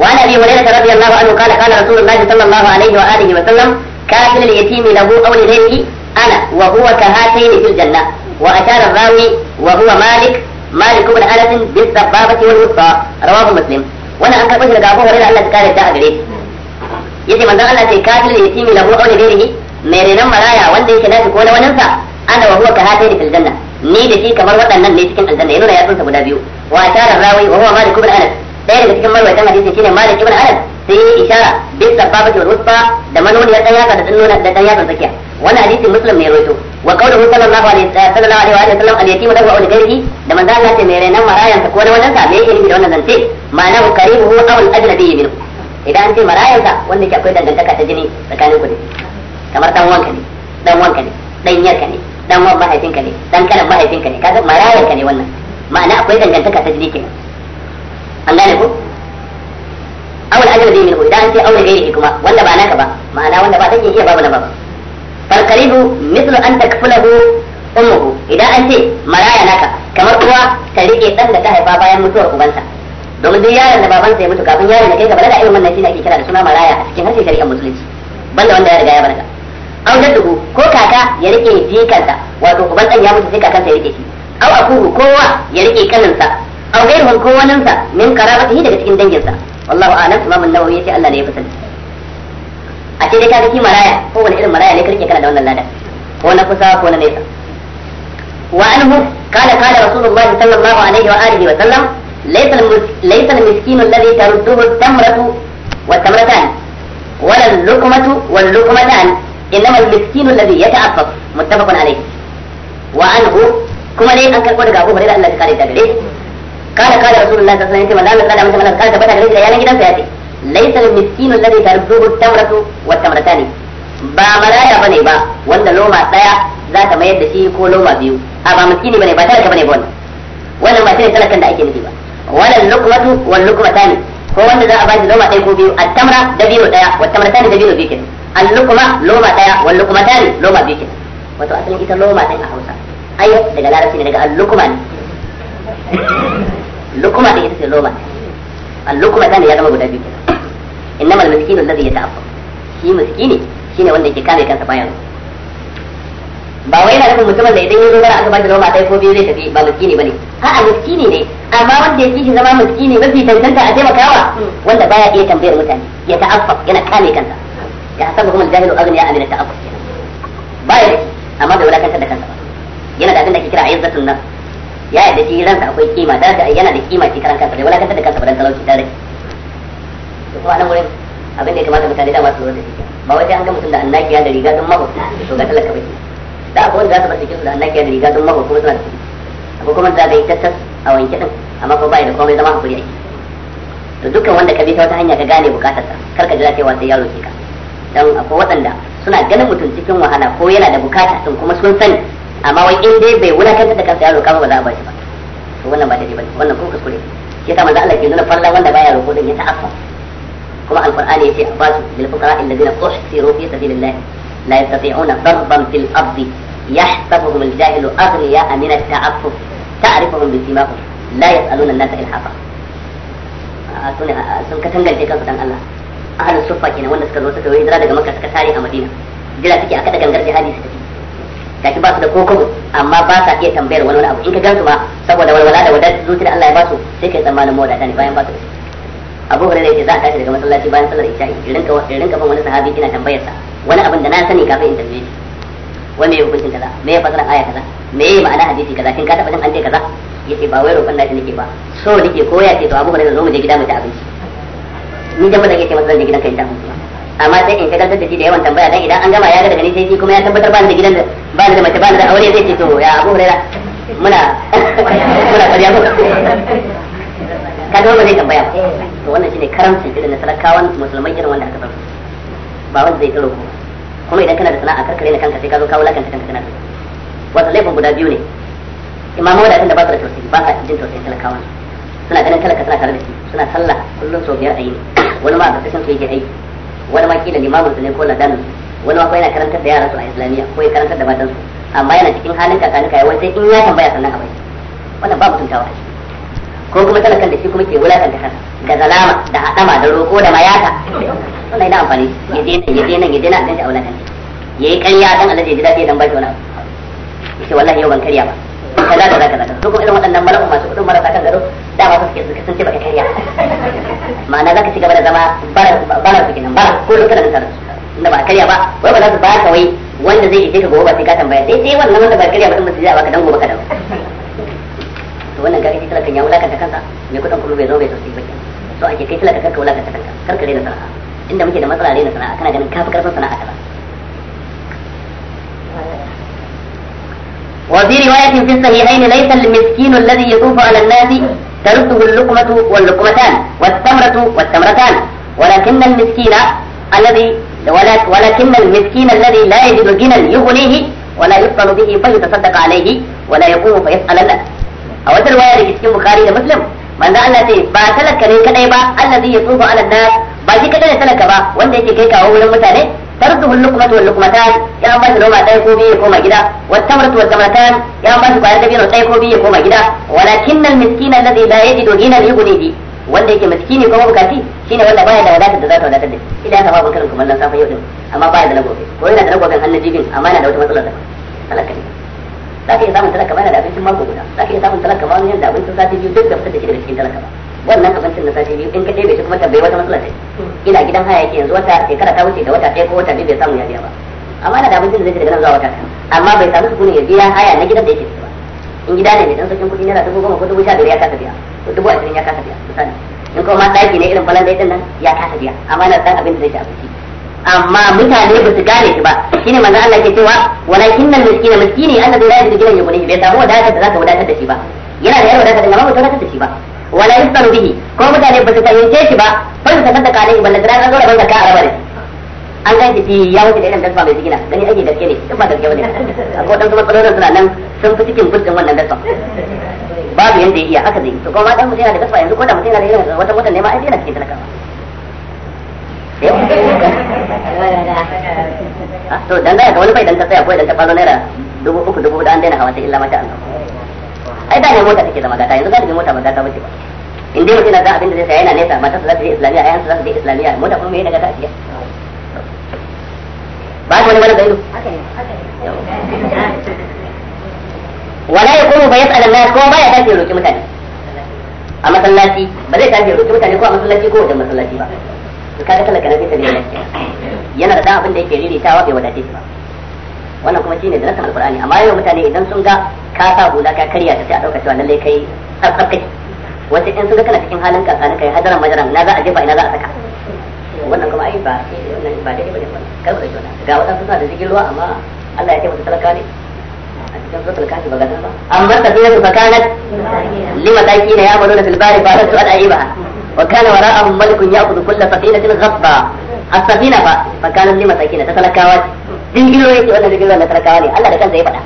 وعن ابي هريره رضي الله عنه قال قال رسول الله صلى الله عليه واله وسلم كافل اليتيم له او لغيره انا وهو كهاتين في الجنه واشار الراوي وهو مالك مالك بن انس بالسبابه والوسطى رواه مسلم وانا an karɓo shi daga abu hurairah Allah ya kare ta a gare shi yace manzon Allah ce kafil yatimi lahu aw lighairihi mai renon maraya wanda yake nashi ko na waninsa ana wa huwa kahatayn fil janna ni da shi kamar waɗannan ne cikin aljanna yana ya tsunsa guda biyu ɗaya daga cikin mazaunan hadisi shine Malik ibn Anas sai yi isara bis sababati wal wusfa da manoni ya tsaya da dillona da dan yakan tsakiya wannan hadisi Muslim mai rawaito wa qawluhu sallallahu alaihi eh, sallallahu alaihi wa sallam al yatim dafa wal ghairi da manzo Allah ce mai renan marayansa ko da wannan ta me yake da wannan zance ma'ana karibuhu aw al ajnabi minhu idan an ce marayansa wanda ke akwai dangantaka ta jini tsakanin ku ne kamar dan wanka ne dan wanka ne dan yarka ne dan wan mahaifinka ne dan kanan mahaifinka ne kaga marayanka ne wannan ma'ana akwai dangantaka ta jini kenan an gane ko awal ajal zai minhu idan an ce aure gairi kuma wanda ba naka ba ma'ana wanda ba take iya babu na ba falqaribu mithlu an takfulahu ummuhu idan an ce maraya naka kamar kuwa ta rike dan da ta haifa bayan mutuwar ubansa domin duk yaron da babansa ya mutu kafin yaron da kai ka balaga irin wannan shi ne ake kira da suna maraya a cikin harshen shari'ar musulunci banda wanda ya riga ya balaga aw jadduhu ko kaka ya rike jikansa wato uban dan ya mutu sai kakansa ya rike shi aw akuhu kowa ya rike kaninsa aw gairhum ko waninsa min karabatihi daga cikin danginsa wallahu a'lam imam an-nawawi yace Allah ne ya a ce dai ka kaki maraya ko wani irin maraya ne karke kana da wannan ladan ko na kusa ko na nesa wa anhu kana kana rasulullahi sallallahu alaihi wa alihi wa sallam laysa miskinu alladhi tarudduhu at-tamratu wa tamratan wala al-luqmatu wal luqmatan innama miskinu kuma dai an daga Allah ya kare قال قال رسول الله صلى الله عليه وسلم ما دام الله مثلا قال تبتا غريب يا نجد سياتي ليس المسكين الذي تربه التمرة والتمرتان ba maraya bane ba wanda loma daya za ta mayar da shi ko loma biyu a ba miskini bane ba talaka bane ba wannan wannan ba shine talakan da ake nufi ba wannan lukmatu wal lukmatani ko wanda za a ba shi loma daya ko biyu at-tamra da biyu wa tamratani da biyu biyu kenan al loma daya lukmatani loma biyu kenan asalin loma a Hausa daga larabci ne daga ne lukuma da ita ce loma al-lukuma dan ya zama guda biyu innamal miskinu alladhi yata'affaf shi miskini shine wanda yake kame kansa bayan ba wai yana nufin mutumin da idan ya zo gara aka bashi loma dai ko biyu zai tafi ba miskini bane a'a miskini ne amma wanda yake shi zama miskini mafi tantanta a taimakawa wanda baya iya tambayar mutane ya ta'affaf yana kame kansa ya hasabu kuma jahilu aghniya amina ta'affaf baya da amma bai wadatar da kansa ba yana da abin da ake kira ayyukan nas ya da shi ransa akwai kima da yana da kima shi karan kansa bai wulakantar da kansa ba dan talauci da rai to kuma nan wurin abin da ya kamata mutane da masu lura da shi ba wai sai an ga mutum da annakiya da riga don mago to ga talaka bai da akwai wanda za su bar cikin su da annakiya da riga don mago kuma suna da kuɗi akwai kuma za ka yi tattas a wanke din amma kuma bai da komai zama hakuri ake to dukkan wanda ka bi ta wata hanya ka gane bukatarsa kar ka jira cewa sai yaro ce ka dan akwai waɗanda suna ganin mutum cikin wahala ko yana da bukata sun kuma sun sani amma wai in dai bai wulakanta da kansa ya roƙa ba za a ba shi ba to wannan ba daidai ba wannan kuma kuskure shi yasa manzo Allah ke nuna farla wanda baya roƙo din ya ta'affa kuma alqur'ani yace abasu lil fuqara alladhina uhsiru fi sabilillah la yastati'una darban fil ardi yahsabuhum al-jahilu aghniya min at-ta'affuf ta'rifuhum bi simahum la yas'aluna an-nasa ilhafa sun katangance kansu dan Allah ahlus suffa kenan wanda suka zo suka yi hijira daga Makka suka tare a Madina jira aka da gangar jihadi su gashi ba su da kokobo amma ba sa iya tambayar wani abu in ka gansu ma saboda walwala da wadar zuci da Allah ya ba su sai kai tsammanin ta ne bayan ba su Abu Hurairah ce za a tashi daga masallaci bayan sallar isha in rinka in rinka wani sahabi ina tambayar sa wani abin da na sani kafin in tambaye shi wani ya hukuncin kaza me ya fasara aya kaza me ya ma'ana hadisi kaza kin ka taba jin an ce kaza yace ba wai roƙon lafiya nake ba so nake koya ce to Abu da zo mu je gida mu ci abinci ni da ba da yake masallaci gidan kai ta hukunci amma sai in shagaltar da shi da yawan tambaya dan idan an gama ya ga daga ni sai shi kuma ya tabbatar ba ni da gidan da ba ni da mace ba ni da aure zai ce to ya Abu hurera muna muna kariya ko ga wannan zai tambaya to wannan shine karamci irin na talakawan musulmai irin wanda aka san ba wanda zai tsaro ko kuma idan kana da sana'a karkare na kanka sai ka zo kawo lakanta kanka kana wato laifin guda biyu ne imamu da da ba su da tausayi ba sa jin tausayin talakawan suna ganin talaka suna tare da shi suna sallah kullum sau biyar a yi wani ma a ƙarƙashin su yake aiki wani ma kila limamin su ne ko ladan wani ma yana karantar da yaran su a islamiyya ko ya karantar da matan su amma yana cikin halin kakanika ya wani sai in ya tambaya sannan a bai wannan ba mutuntawa shi ko kuma talakan da shi kuma ke wulakanta kansa da zalama da hadama da roko da mayaka wannan yana amfani ya je nan ya je nan ya je nan dan shi a wulakanta yayi ƙarya dan Allah ya ji dadi dan ba shi wani abu yace wallahi yau ban karya ba kaza da kaza kaza su kuma irin waɗannan mara'u masu kudin marasa kan garo dama su suke suke sun ce baka karya ma'ana zaka ci gaba da zama barar su kenan barar ko lokacin da tare inda ba karya ba wai ba za su ba ka wai wanda zai ishe ka gobe ba sai ka tambaya sai sai wannan wanda ba karya ba din mutum zai baka dan gobe ka dawo to wannan kaga kila kan ya wulakanta kansa me kudin kullu bai zo bai sosai ba so ake kai kila ka kanka wulakanta kanka kar ka rena sana'a inda muke da matsala rena sana'a kana ganin kafi karfin sana'a kaza وفي رواية في الصحيحين ليس المسكين الذي يطوف على الناس تلقه اللقمة واللقمتان والتمرة والتمرتان ولكن المسكين الذي ولكن المسكين الذي لا يجد غنى يغنيه ولا يفطن به فيتصدق عليه ولا يقوم فيسأل الناس أو الرواية في سكين بخاري مسلم من ذا الذي باتلك ريك ديبا الذي يطوف على الناس باتلك ريك ديبا وانديك ريك أولو متاني tarduhu luqmatu wal luqmatan ya ba shi noma ɗaya ko biyu ya koma gida wat tamratu wat tamratan ya ba shi kwayar dabino ɗaya ko biyu ya koma gida miskina alladhi la yajidu ghinan yughni bi wanda yake miskini ko mabukaci shine wanda baya da wadatar da za ta wadatar da shi idan ka babu karin kumallon safa yau din amma baya da na gobe ko yana da na gobe hannun jibin amma yana da wata matsalar da talaka ne za ka iya samun talaka bayan da abincin mako guda za ka iya samun talaka ma wani da abincin sati biyu duk da fitar da shi daga cikin talaka ba wannan abincin na sati biyu in ka ɗebe shi kuma tambayi wata matsala ce ina gidan haya yake yanzu wata shekara ta wuce da wata ɗaya ko wata biyu bai samu ya biya ba amma na da abincin da zai daga nan zuwa wata amma bai samu sukunin ya biya haya na gidan da yake ba in gida ne mai dan sakin kuɗi naira dubu goma ko dubu sha biyar ya kasa biya ko dubu ashirin ya kasa biya misali in kuma ɗaki ne irin falan da ya nan ya kasa biya amma na da abin da zai ci abinci amma mutane ba su gane shi ba shine manzo Allah ke cewa walakin nan miskina miskini annabi la yajid gidan yabuni bai samu wadatar da zaka wadatar da shi ba yana da yawa wadatar da amma ba wadatar da shi ba wala yusar bihi ko mutane ba su fahimce shi ba ba su tabbata kalai ba lazara an zo rabon zakka a raba an ga shi ya wuce da irin dasfa mai sigina gani ake gaske ne duk ba gaske bane akwai kuma matsalolin suna nan sun fi cikin gudun wannan dasfa babu yanda ya iya haka zai to kuma dan mutum yana da dafa yanzu ko da mutum yana da irin wata wata ne ma ai yana cikin talaka eh? ah, to dan da ga wani bai dan ta tsaya ko dan ta falo naira dubu uku dubu da an daina hawa sai illa masha Allah ai da ne mota take zama gata yanzu galibin mota ba gata bace ba in dai mutum na za abin da zai saya yana nesa matarsa za ta je islamiyya ayansa za su je islamiyya mota kuma me daga ta ciya ba ta wani wani da ido wala yakunu fa yas'al an-nas ko ba ya dace roki mutane a masallaci ba zai tashi roki mutane ko a masallaci ko wajen masallaci ba kaga talaka na fita ne yana da abin da yake wa bai wadace shi ba wannan kuma shine da nasan alqur'ani amma yau mutane idan sun ga ka sa hula ka karya ta sai a dauka cewa lalle kai tsarkar kake wasu in sun ga kana cikin halin kankanin kai hadaran majaran na za a jefa ina za a saka wannan kuma ai ba wannan ba daidai bane kar mu da wannan ga wadansu suna da zigin ruwa amma Allah ya ce musu talaka ne a cikin suratul kafi ba gadan ba amma lima da tafiyatu fakanat limatakina ya'maluna fil bari fa rasul al'ibaha وكان وراءهم ملك يأخذ كل سفينة غصبا السفينة فكانت لمساكين تتلكاوات dingiroyi yake wannan jirgin ruwan na ne Allah da kansa ya faɗa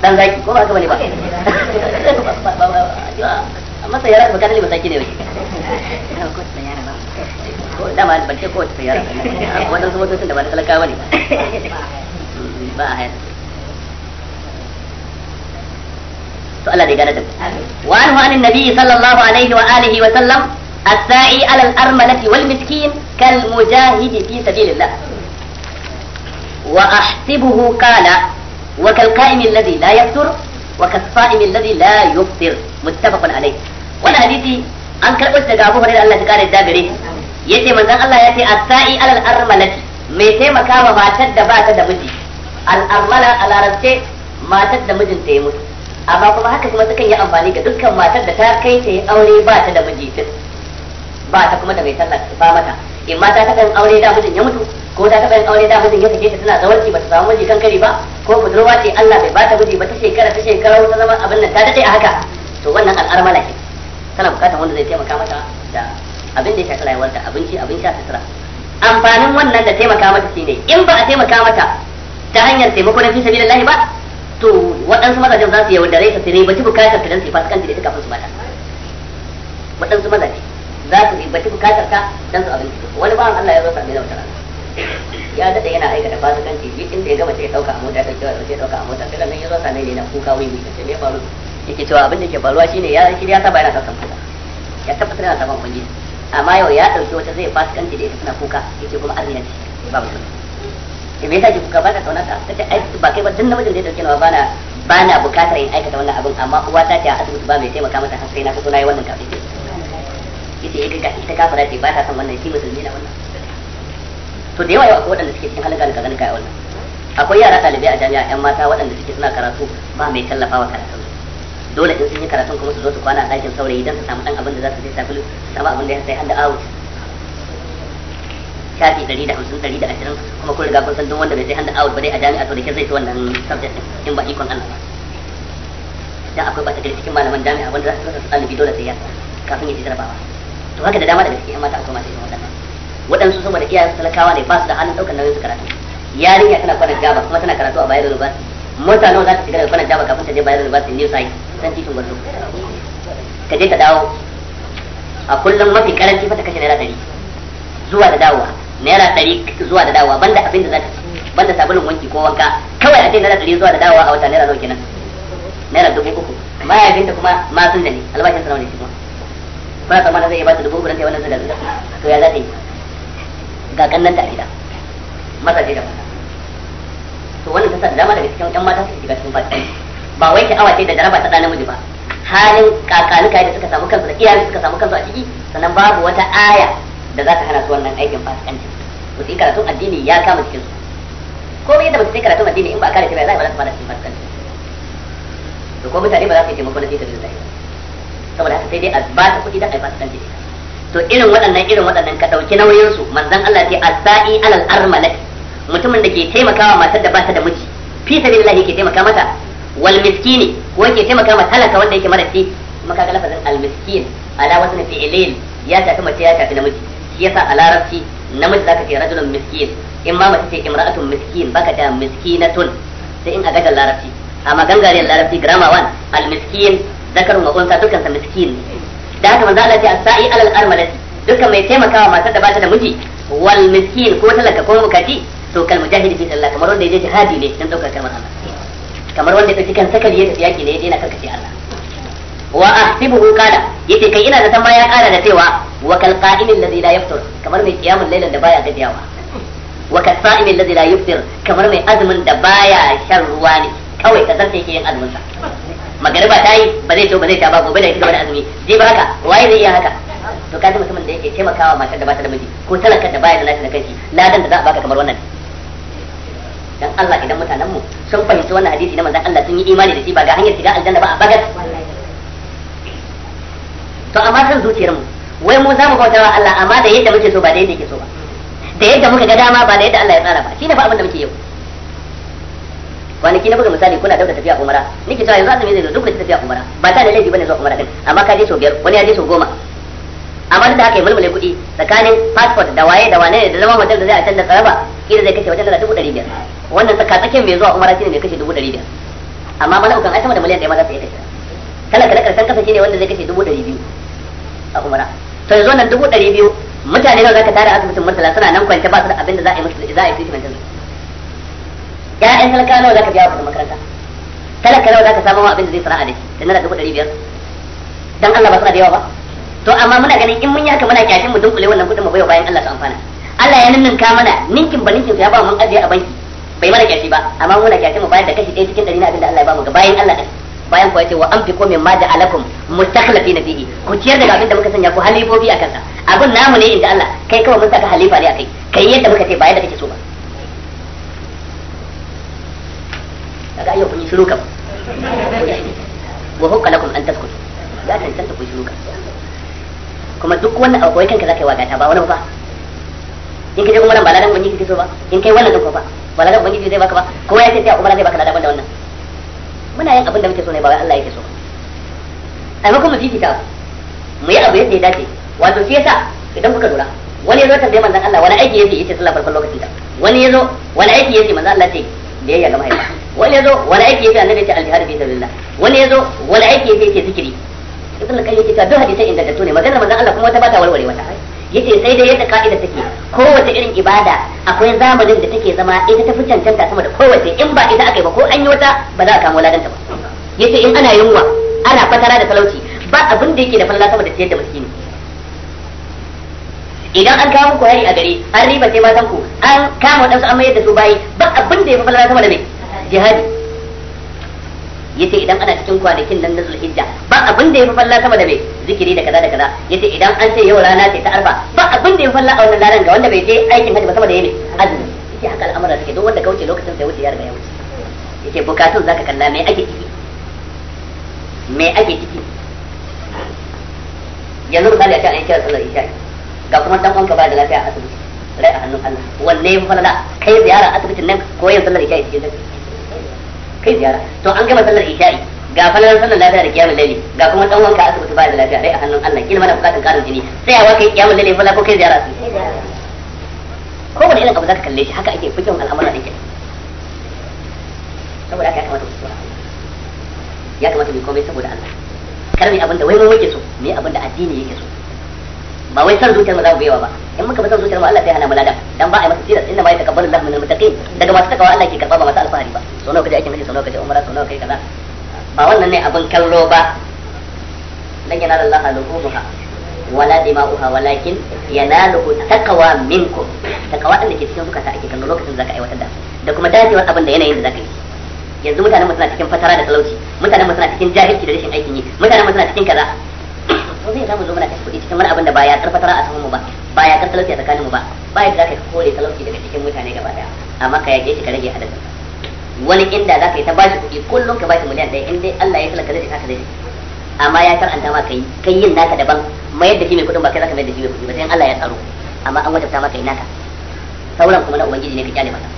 dan zaki ko ba ka bane ba masa yara ba kan masaki ne wai ko ta yara ba ko da ma ban ce ko ta yara wannan zuwa da ba talakawa ne ba a hayar to Allah dai gane da mu wa anhu nabi sallallahu alaihi wa alihi wa sallam الساعي على الأرملة والمسكين كالمجاهد في سبيل الله وأحسبه قال وكالقائم الذي لا يفتر وكالصائم الذي لا يفطر متفق عليه وانا حديثي an karɓo shi daga Abu Hurairah Allah ya kare da gare yace manzon Allah ya as-sa'i alal armalati mai taimakawa matar da ba ta da miji al a larabce matar da mijinta ya mutu amma kuma haka kuma sukan yi amfani ga dukkan matar da ta kai ta aure bata da miji ba ta kuma da mai sallah ba mata in ma ta taɓa yin aure da mijin ya mutu ko ta taɓa yin aure da mijin ya sake ta tana zawarci ba ta samu miji kankare ba ko budurwa ce Allah bai ba ta miji ba ta shekara ta shekara ta zama abin nan ta daɗe a haka to wannan al'armala ke tana bukatar wanda zai taimaka mata da abin da ya shafi rayuwarta abinci abin sha sutura amfanin wannan da taimaka mata shine in ba a taimaka mata ta hanyar taimako na fi lahi ba to waɗansu mazajen za su yaudare ta su ne ba ci bukatar ta dan su yi fasikanci da ita kafin su mata waɗansu mazajen za su bibbaci bukatar ta don su abinci wani bawan Allah ya zo sami na wata ya daɗe yana aikata fasikanci duk inda ya gama sai ya dauka a mota sai ya ɗauka ya a mota sai nan ya zo sami ne na kuka wai wai sai me faru yake cewa abin da ke faruwa shine ya shi ya saba yana sassan kuka ya tabbatar yana saban kunji amma yau ya ɗauki wata zai fasikanci da ita na kuka ce kuma arzina ce ba mutum da me yasa ki kuka ba ka kauna ta ce ai ba kai ba dan namijin da ya dauke nawa bana bana bukatar yin aikata wannan abin amma uwa ta ce a asibiti ba mai taimaka mata har sai na fito nayi wannan kafin yace ita ita kafira ce ba ta san wannan shi musulmi na wannan to da yawa yawa akwai waɗanda suke cikin halin ganin ganin kai wannan akwai yara talibai a jami'a yan mata waɗanda suke suna karatu ba mai tallafawa karatun dole in sun yi karatun kuma su zo su kwana a ɗakin saurayi don su samu ɗan abin da za su je sabulu su samu abin da ya sai hada awus shafi ɗari da hamsin ɗari da ashirin kuma kun riga kun san duk wanda bai sai hada awus ba dai a jami'a to da ke zai ci wannan subject in ba ikon Allah ba da akwai ba ta cikin malaman jami'a wanda za su rasa ɗalibi dole sai ya kafin ya ci jarabawa to haka da dama da cikin yan mata akwai masu yin waɗannan waɗansu saboda su talakawa ne ba su da halin ɗaukar nauyin su karatu yarinya tana kwanan jaba kuma tana karatu a bayan university mota nawa za ta shiga daga kwanan jaba kafin ta je bayan university new sai san titin gwarzo Ka je ka dawo a kullum mafi karanci fa ta kashe naira ɗari zuwa da dawowa naira ɗari zuwa da dawowa banda abin da za ta banda sabulun wanki ko wanka kawai a ce naira ɗari zuwa da dawowa a wata naira nawa kenan naira dubu uku mahaifinta kuma masun da ne albashin sanawa ne shi kuma ba sa mana zai ba ta dubu guda sai wannan zuga zuga to ya za ta yi ga kannan ta a gida ce da mata to wannan ta sa dama daga cikin yan mata su shiga cikin fadi ba wai sha'awa awace da jaraba ta da namiji ba halin kakanuka da suka samu kansu da iyali suka samu kansu a ciki sannan babu wata aya da za ta hana su wannan aikin fasikanci ba su yi karatun addini ya kama cikin su komai yadda ba su karatun addini in ba a kare shi ba za a yi ba za su fara cikin fasikanci to ko mutane ba za su yi taimako na fi ta biyu saboda haka sai dai a ba ta kuɗi da a ba ta fasikanci to irin waɗannan irin waɗannan ka ɗauki nauyin su manzon Allah ce as-sa'i alal armalati mutumin da ke taimakawa matar da ba ta da miji fi sabilillah ke taimaka mata wal miskini ko yake taimaka mata talaka wanda yake mara shi maka ga lafazin al miskin ala wasna fi'lin ya tafi mace ya tafi namiji shi yasa a larabci namiji zaka ce rajulun miskin in ma mace ce imra'atun miskin baka da miskinatun sai in a gadan larabci amma gangaren larabci grammar 1 al miskin zakarun wa unsa dukkan sa miskin da haka manzo Allah ya sa'i alal armalati dukkan mai taimakawa matar da bata da miji wal miskin ko talaka ko bukati to kal mujahidi kamar wanda yaje jihadi ne dan daukar kalmar Allah kamar wanda ya kan sakali ya tafi yaki ne yana karkace Allah wa ahsibuhu qala yace kai ina da san ya kara da cewa wa kal qa'imin ladhi kamar mai laylan da baya gajiyawa wa kal sa'imin kamar mai azumin da baya shan ruwa ne kawai kazanta yake yin magariba ta yi ba zai so ba zai ta ba gobe da ita gaba da azumi je ba haka waye zai iya haka to ka mutumin da yake taimakawa matar da ba ta da miji ko talaka da baya da nashi da kanki ladan da za a baka kamar wannan dan Allah idan mutanen mu sun fahimci wannan hadisi na manzon Allah sun yi imani da shi ba ga hanyar shiga aljanna ba a bagas to amma san zuciyar mu wai mu za mu bauta wa Allah amma da yadda muke so ba da yadda yake so ba da yadda muka ga dama ba da yadda Allah ya tsara ba shine fa abin da muke yau kwanaki na buga misali kuna dauka tafiya umara nake cewa yanzu azumi zai zo duk da tafiya umara ba ta da laifi bane zuwa umara din amma ka je so biyar wani ya je so goma amma da haka ya mulmule kuɗi tsakanin passport da waye da wane da zaman hotel da zai a can da tsaraba kila zai kashe wajen da dubu ɗari biyar wannan tsaka tsakin mai zuwa umara shine mai kashe dubu ɗari biyar amma mana ukan ai sama da miliyan ɗaya ma za su iya kashe kala kala karshen kasa shine wanda zai kashe dubu ɗari biyu a umara to yanzu nan dubu ɗari biyu mutane nawa zaka tara asibitin murtala suna nan kwance ba su da abin da za a yi musu za a yi treatment ya'yan talaka nawa zaka biya kuɗin makaranta talaka nawa zaka samu abin da zai sana'a da shi da naira dubu ɗari biyar dan Allah ba suna da yawa ba to amma muna ganin in mun yi haka muna kyashin mu dunkule wannan kuɗin mu bayo bayan Allah su amfana Allah ya ninninka mana ninkin ba ninkin ya ba mun ajiye a banki bai mana kyashi ba amma muna kyashin mu bayar da kashi ɗaya cikin ɗari na abin da Allah ya ba mu ga bayan Allah ɗin bayan kuwa ce wa an fi min ma ja'alakum mustakhlafi na fihi ku ciyar daga abin da muka sanya ku halifofi a kansa abin namu ne inda Allah kai kawai mun saka halifa ne a kai kai yadda muka ce bayan da kake so ba kaga ayyuka kun yi shiru kam wa hukka lakum an taskutu ya tantance ku shiru kam kuma duk a koyi kanka zaka yi wagata ba wani ba in kaje kuma nan ba ladan ubangiji so ba in kai wannan duk ba ba ladan ubangiji zai baka ba kowa ya ce sai kuma zai baka ladan da wannan muna yin abin da muke so ne ba wai Allah yake so ai maka mu fifita mu yi abu yadda ya dace wato shi yasa idan kuka lura wani zo tambaye manzon Allah wani aiki yake yace sallah farkon lokacin da wani zo wani aiki yake manzon Allah ce biyayya ga mahaifa wani ya zo wani aiki ya yake annabi ce aljihad fi sabilillah wani ya zo wani aiki yake yake zikiri ibn al-qayyim yake cewa duk hadisan ingantattu ne maganar manzon Allah kuma wata bata warware wata yace sai dai yadda ka'ida take kowace irin ibada akwai zamanin da take zama ita ta fi cancanta sama da kowace in ba ita aka yi ba ko an yi wata ba za a kamo ladanta ba yace in ana yunwa ana fatara da talauci ba abin da yake da falla sama da ciyar da miskini idan an kawo muku hari a gari an riba sai matan ku an kama wadansu an mayar da su bayi ba abin da ya fi falala sama da mai jihadi yace idan ana cikin kwanakin nan na zulhijja ba abin da ya fi falala sama da mai zikiri da kaza da kaza yace idan an ce yau rana ce ta arba ba abin da ya fi falala a wannan ranar ga wanda bai je aikin hajji ba sama da yayi azumi yace haka al'amura take duk wanda kauce lokacin sai wuce ya riga ya wuce yace bukatun zaka kalla me ake ciki mai ake ciki yanzu misali a ce an kira sallar isha'i ga kuma dan uwanka ba da lafiya a asibiti rai a hannun Allah wanne ya falala kai ziyara asibitin nan ko yin sallar isha'i cikin kai ziyara to an gama sallar isha'i ga falalar sallar lafiya da kiyamun laili ga kuma dan uwanka asibiti ba da lafiya rai a hannun Allah kila mana bukatun karin jini sai a waka kiyamun laili falala ko kai ziyara asibiti ko wani irin abu zaka kalle shi haka ake fikin al'amuran ake saboda haka ya kamata ku tsora ya kamata mu komai saboda Allah karmi abinda da wai mu muke so mu abin da addini yake so ba wai san zuciyar mu za mu biyawa ba in muka bi san zuciyar mu Allah sai hana mu lada dan ba a yi masa tilas inna ma yatakabbalu Allahu minal muttaqin daga masu takawa Allah ke karba ba masu alfahari ba so nawa kaje aikin miji so nawa kaje umara so nawa kai kaza ba wannan ne abin kallo ba yana da Allah luhuha wala dima'uha walakin yanaluhu taqwa minkum takawa din da ke cikin zukata ake kallo lokacin da zaka aiwatar da da kuma dacewar abin da yanayin da zaka yi yanzu mutanen mu suna cikin fatara da talauci mutanen mu suna cikin jahilci da rashin aikin yi mutanen mu suna cikin kaza to zai zamu zo muna kashe kuɗi cikin wani abin da ba ya karfatar a samu mu ba ba ya karfatar a tsakanin mu ba ba yadda zaka kore talauci daga cikin mutane gaba daya amma ka yake shi ka rage adadin wani inda zaka yi ta bashi kuɗi kullum ka bashi miliyan ɗaya in dai Allah ya talaka zai haka zai amma ya karanta ma kai kai yin naka daban mayar da shi mai kuɗin ba kai zaka mayar da shi mai kuɗi ba sai Allah ya tsaro amma an wajabta ma yi naka sauran kuma na ubangiji ne ka kyale masa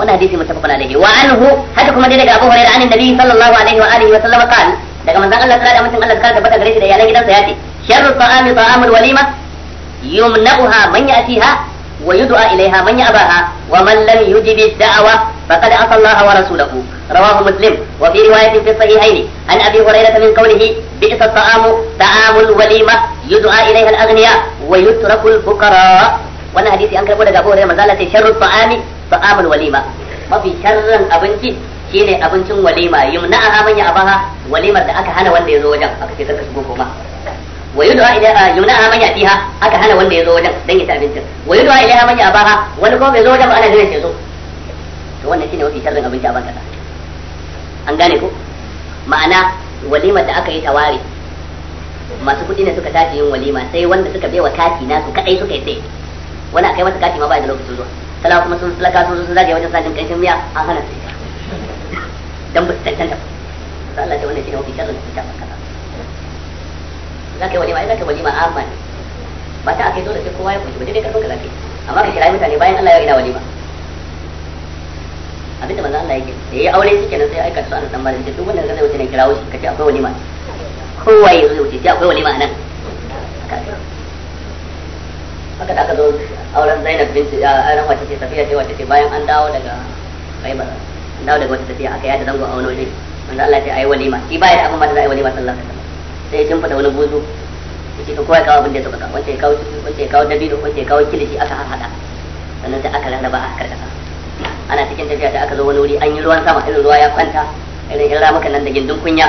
wannan hadisi muttafaqun alaihi wa anhu haka kuma dai daga Abu Hurairah anin Nabi sallallahu alaihi wa alihi wa sallam qala daga manzon Allah sallallahu alaihi wa sallam Allah ka tabbata gare shi da iyalan gidansa yace sharru ta'ami ta'amul walima yumna'uha man ya'tiha wa yud'a ilaiha man ya'baha wa man lam yujib ad-da'wa faqad asa Allah wa rasulahu رواه مسلم وفي رواية في الصحيحين عن أبي هريرة من قوله بئس الطعام طعام الوليمة يدعى إليها الأغنياء ويترك الفقراء وانا حديثي أنكر بودا هريرة مزالة شر الطعام ta'amul walima mafi sharran abinci shine abincin walima yumna'aha man abaha walimar da aka hana wanda ya zo wajen aka ce karka shigo goma wa yud'a ila yumna'aha man ya'tiha aka hana wanda ya zo wajen dan ya ci abincin wa yud'a ila man abaha wani kuma bai zo wajen ba ana jira shi zo to wannan shine mafi sharran abinci a banka an gane ko ma'ana walimar da aka yi tawari masu kuɗi ne suka tashi yin walima sai wanda suka bewa kati nasu kadai suka yi sai wani akai masa kati ma ba da lokacin zuwa tana kuma sun salaka sun sun zage wajen sajin kaifin miya an hana su ita dan ba tantan. tantanta ba Allah ta wannan shi ne wani sharrin da ta kaza za ka yi walima ai za ka yi walima amma ne ba ta akai dole sai kowa ya kunshi ba dai karfin ka za ka yi amma ka kira mutane bayan Allah ya ina walima abinda manzo Allah yake da yayi aure shi kenan sai aika su an dan malin duk wanda zai wuce ne kirawo shi kace akwai walima kowa ya zo wuce akwai walima nan haka da aka zo auren Zainab binti auren wacce ce tafiya ce wacce ce bayan an dawo daga Khaibar an dawo daga wata tafiya aka yada zango a wani waje wanda Allah ya ayi walima shi baya da abin ma da za a yi walima sallallahu alaihi wasallam sai kin fada wani buzu yace to kowa ya kawo abin da ya sauka wacce ya kawo wacce ya kawo dabino wacce ya kawo kilishi aka hada sannan sai aka rarraba a karkasa ana cikin tafiya da aka zo wani wuri an yi ruwan sama irin ruwa ya kwanta irin irin ramukan nan da gindin kunya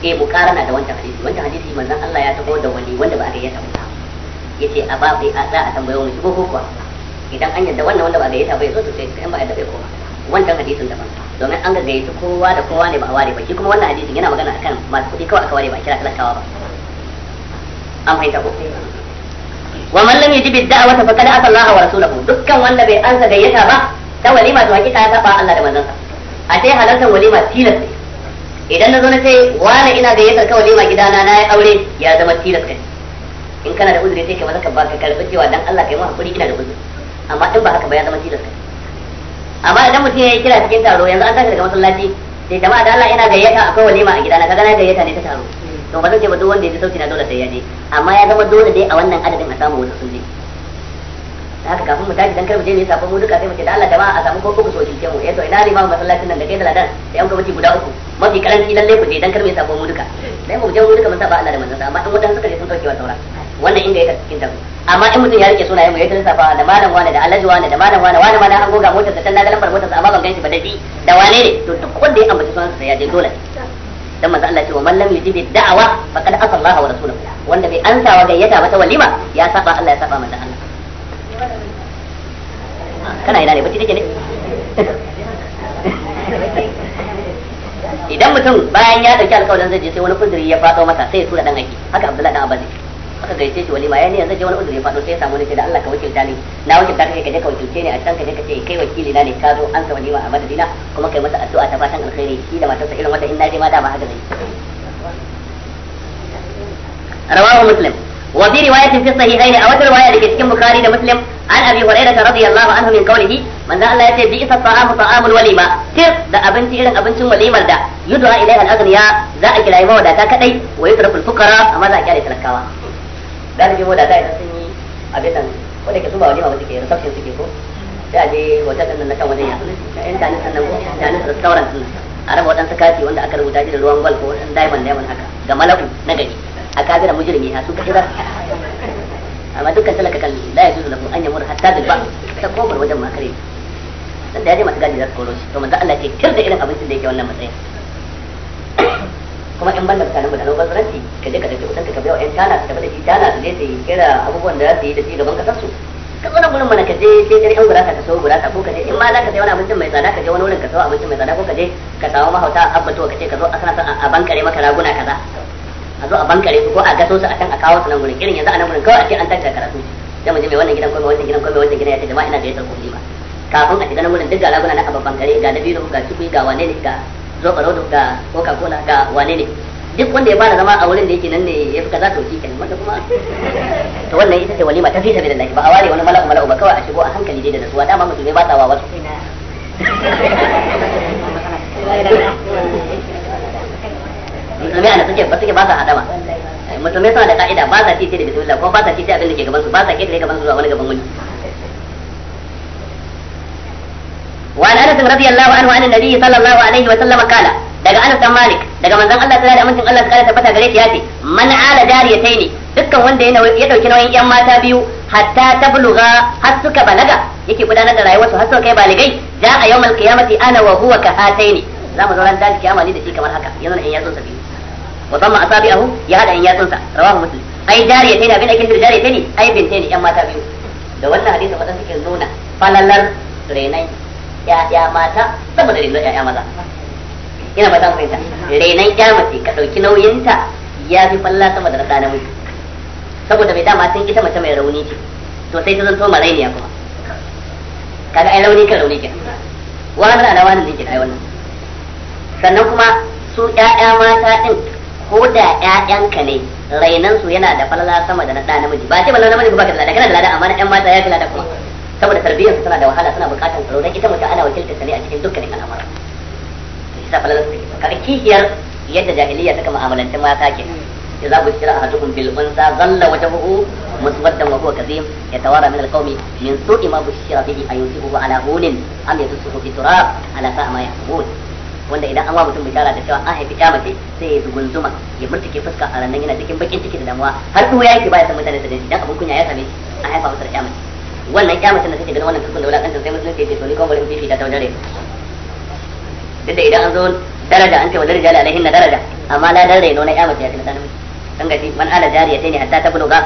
bukara eh, na da wancan hadisi wancan hadisi manzon Allah ya tabo da wani wanda ba a gayyata ba yace a ba bai a za a tambaye mu shigo ko kuwa idan an yadda wannan wanda ba a gayyata ya zo to sai in ba a yadda bai koma wancan hadisin daban domin an ga gayyata kowa da kowa ne ba a ware ba shi kuma wannan hadisin yana magana akan masu kuɗi kawai aka ware ba a kira talakawa ba an fahimta ko wa man lam yajib ad-da'wata faqad ata Allah wa rasulahu dukkan wanda bai ansa gayyata ba ta walima to hakika ya saba Allah da manzon sa a sai halartar walima tilasta. idan na zo na ce wani ina da gayyatar kawai lima gidana na ya aure ya zama tilas kai in kana da uzuri sai ka maza ka baka karɓi cewa dan Allah kai mu hakuri ina da uzuri amma in ba haka ba ya zama tilas kai amma idan mutum ya yi kira cikin taro yanzu an tashi daga masallaci sai jama'a da Allah ina gayyata akwai walima a gidana kaga na gayyata ne ta taro to ba zan ce ba duk wanda ya ji sauti na dole sai ya je amma ya zama dole dai a wannan adadin a samu wasu sun je da haka kafin mu tashi dan kar mu je ne sabon mu duka sai mu ce da Allah jama'a a samu ko ku so shi mu eh to ina ne masallacin nan da kai da ladan sai an gwamnati guda uku mafi karanci lalle ku je dan kar mu sabon mu duka dai mu je mu duka mun saba Allah da manzon sa amma in wadansu suka je sun dauke wa saura wannan inda yake cikin tabu amma in mutum ya rike sunayen mu ya tarsa fa da malam wani da alhaji wani da malam wani wani ma na an goga motar sa na ga lambar motar amma ban ganshi ba dadi da wane ne to duk wanda ya ambaci sunan sa ya je dole dan manzo Allah ce wa man lam yujib da'awa faqad asa Allah wa rasuluhu wanda bai ansa wa gayyata ba ta walima ya saba Allah ya saba manzo Allah kana ina ne bacci take ne idan mutum bayan ya dauki alƙawarin zai je sai wani kudiri ya fado masa sai ya tura dan aiki haka abdullahi dan abazi aka gaishe shi walima yayin yanzu je wani kudiri ya fado sai ya samu ne sai da Allah ka wakilta ni na wakilta kai ka je ka wakilce ni a can ka je ka ce kai wakili na ne ka zo an sa walima a madadina kuma kai masa addu'a ta fatan alkhairi shi da matarsa irin wata in na je ma da ba haka zai rawahu muslim وفي رواية في الصحيحين أو رواية لكتكين بخاري مسلم عن أبي هريرة رضي الله عنه من قوله من ذا الله يتي بئس الطعام طعام الوليمة تر دا أبنتي إلن أبنتي وليمة دا يدعى إليها الأغنياء ذا أجل أيما ودا تاكتي ويترك الفقراء أما ذا كالي تلكاوا ذا نجي مودا تاين سني أبيتان ولك سوبا وليمة وسكي رسبشن سكي كو da je wajen nan na kan wani ya yan janis nan ko janis restaurant din a raba wadansu kati wanda aka rubuta shi da ruwan gwal ko wani diamond diamond haka ga malaku na gari a kafiran mujrimi ha su kashi za amma dukkan talaka kan la ya zuzu lahu an yamur hatta da ba ta kofar wajen makare dan da yaje masu gadi za su koro shi to manzo Allah ce kir da irin abincin da yake wannan matsayin kuma in banda da mutanen bazaranci ka je ka dauki kusan ka biya wa yan tana ka tafi da shi tana su ne sai kira abubuwan da za su yi da shi gaban kasar su ka zo nan gurin mana ka je sai dai an gurasa ka sayo gurasa ko ka je in ma za ka sai wani abincin mai tsada ka je wani wurin ka sau abincin mai tsada ko ka je ka samu mahauta abba to ka ce ka zo a sana a bankare maka raguna kaza a zo a bankare su ko a gaso su a can a kawo su nan gurin irin yanzu a nan gurin kawai a ce an tashi karatu zai mace mai wannan gidan ko wannan gidan ko wannan gidan ya ce jama'a ina da yasa kuɗi ba kafin a shiga nan gurin duk ga na a babban gare ga dabino ga cikui ga wane ne ga zoɓa rodo ga coca cola ga wane ne duk wanda ya fara zama a wurin da yake nan ne ya fi kaza to shi kenan wanda kuma to wannan ita ce walima ta fi sabilillahi ba a ware wani mala'u mala'u ba kawai a shigo a hankali dai da nasuwa dama mutum ya ba ta wa wasu musulmi a nasu ba suke ba sa hadama eh, musulmi suna da ka'ida ba sa titi da bismillah ko ba sa titi abin da ke gaban su ba sa ketare gaban su zuwa wani gaban wani وعن انس رضي الله عنه عن النبي sallallahu alaihi wa وسلم kala daga Anas dan Malik daga manzon Allah tsara da amincin Allah tsara tabbata gare shi yace man ala jariyataini dukkan wanda ya ya dauki nauyin yan mata biyu hatta tabluga har suka balaga yake gudanar da rayuwarsu har suka kai baligai za a yawmal qiyamati ana wa huwa ka hataini za mu zauna ran dan kiyama ni da shi kamar haka yanzu in ya zo sabi wa اصابعه asabi'ahu ya hada in yatsunsa rawahu muslim ai jariya tani abin da ake jariya tani ai bintai ne yan mata biyu da wannan hadisin wadan suke nuna falalar renai ya'ya mata saboda renon ya'ya ina ba ta fahimta renon ya mace ka dauki nauyinta ya fi falla sama da ɗa namiji saboda mai dama sun ita mace mai rauni ce to sai ta zanto marainiya kuma kaga ai rauni kan rauni kenan wani ana wani ne ke ai wannan sannan kuma su ƴaƴa mata din ko da ƴaƴanka ne rainan su yana da falala sama da na ɗa namiji ba ce ballan namiji ba ka da lada kana da lada amma na ƴan mata ya fi lada kuma saboda tarbiyyar su tana da wahala suna buƙatar tsaro dan ita mace ana wakiltar ta ne a cikin dukkanin al'amura shi sa falala su ka kaga kihiyar yadda jahiliya suka mu'amalanci mata ke إذا بشر أحدهم بالأنثى ظل وجهه مسودا وهو كظيم يتوارى من القوم من سوء ما بشر به أيمسكه على هون أم يدسه في تراب على ساء ya يحكمون wanda idan an ba mutum bishara da cewa an haifi ya mace sai ya zugunzuma ya murtuke fuska a rannan yana cikin bakin ciki da damuwa har yi yake baya san mutane su gani idan abun kunya ya same shi an haifa masa da ya mace wannan ya mace da take ganin wannan fuskar da wulaƙanta sai musulunci ya ce to ni fifi bari ta wajen duk da idan an zo daraja an ce wa daraja la alaihin na daraja amma na dan raino na ya mace ya tana namiji dan gaji man ala jariya ta ne hatta ta buluga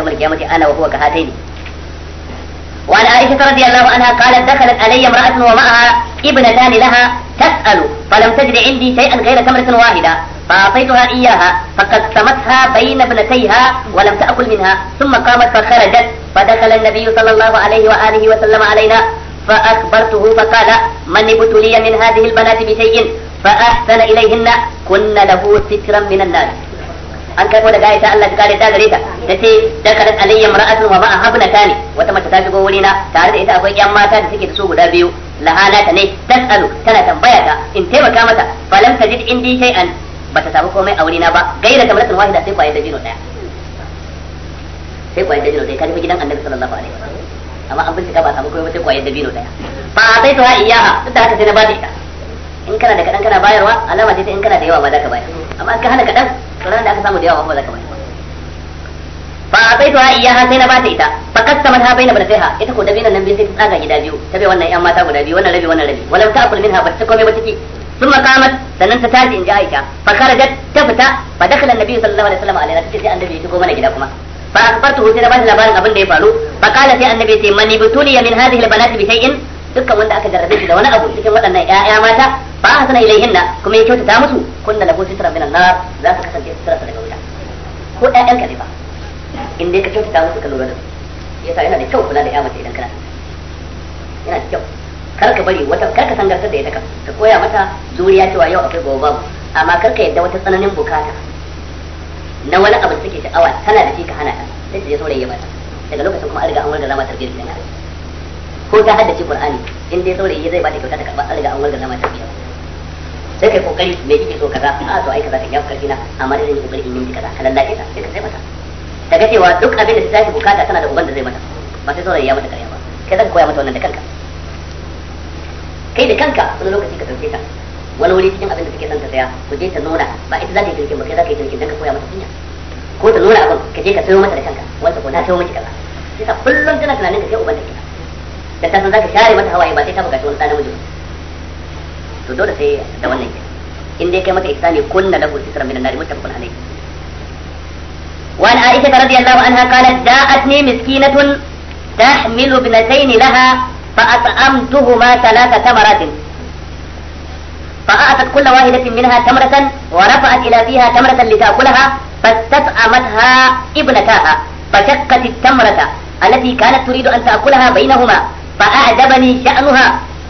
mulki ya mace ana wa huwa ka hataini وعن عائشة رضي الله عنها قالت دخلت علي امرأة ومعها ابنتان لها تسأل فلم تجد عندي شيئا غير تمرة واحدة فأعطيتها إياها فقسمتها بين ابنتيها ولم تأكل منها ثم قامت فخرجت فدخل النبي صلى الله عليه وآله وسلم علينا فأخبرته فقال من ابتلي من هذه البنات بشيء فأحسن إليهن كن له سترا من الناس an kai daga Aisha Allah ta kare ta gare ta tace dakarat alayya mar'atun wa ma'a habnatani wata mace ta shigo wurina tare da ita akwai yan mata da suke da su guda biyu lahana ta ne tasalu tana tambaya ta in taimaka mata falam tajid indi shay'an bata samu komai a wurina ba gaira tamratun wahida sai kwaye da jino daya sai kwaye da jino daya kan gidan Annabi sallallahu alaihi wasallam amma an bincika ba samu komai ba sai kwaye da jino daya fa sai ta iyaha duk da haka sai na ba da ita in kana da kadan kana bayarwa alama ce in kana da yawa ba za ka bayar amma ka hana kaɗan to ranar da aka samu da yawa ba za ka bari ba fa ataitu ha iyaha sai na bata ita ba fa qasamat ha baina ha ita ko da dabinan nan biyu sai ta tsaga gida biyu ta bai wannan yan mata guda biyu wannan rabi wannan rabi walau ta akul minha ba ta komai ba take ثم قامت sannan ta tashi inji Aisha fa kharajat ta fita fa dakala annabi sallallahu alaihi wasallam alaiha tace sai annabi ya shigo mana gida kuma fa akbartu sai da ta labarin abin da ya faru fa kala sai annabi ya ce man ibtuliya min hadhihi albanati bi shay'in dukkan wanda aka jarrabe shi da wani abu cikin waɗannan ƴaƴa mata fa hasana ilaihinna kuma ya kyautata musu kunna lahu sitran minan nar za ka kasance sitran daga wuta ko ƴaƴanka ne ba in dai ka kyautata musu ka lura da su yasa yana da kyau kula da yamata idan kana yana da kyau kar ka bari wata kar ka sangartar da ita ka ka koya mata juriya cewa yau akwai gobe babu amma kar ka yadda wata tsananin bukata na wani abu da take sha'awa tana da shi ka hana ta sai ta je saurayi ya bata daga lokacin kuma an riga an warga zama tarbiyyar gidan ko ta haddace qur'ani in dai saurayi zai bata kyauta ta karba an riga an warga zama tarbiyyar sai kai kokari me kike so kaza a to ai kaza kan yafi karfi na amma dai zan yi kokari in yi kaza lalace ta sai ka sai mata ta ga cewa duk abin da ta tashi bukata tana da ubanda da zai mata ba sai saurayi ya mata karya ba kai zaka koya mata wannan da kanka kai da kanka wani lokaci ka dauke ta wani wuri cikin abin da take son ta saya ku je ta nuna ba ita za ta yi kirkin ba kai za ka yi kirkin dan ka koya mata kunya ko ta nuna abin ka je ka sayo mata da kanka wanda ko na sayo miki kaza sai ta kullum tana tunanin ka sai uban da kina da ta san za ka share mata hawaye ba sai ta buƙaci wani ɗan namiji ba to dole sai da wannan kenan in dai kai maka ihsani kunna lahu sitran min an-nar muttafaqun alayh وعن عائشة رضي الله عنها قالت جاءتني مسكينة تحمل ابنتين لها فأطعمتهما ثلاث تمرات فأعطت كل واحدة منها تمرة ورفعت إلى فيها تمرة لتأكلها فاستطعمتها ابنتاها فشقت التمرة التي كانت تريد أن تأكلها بينهما فأعجبني شأنها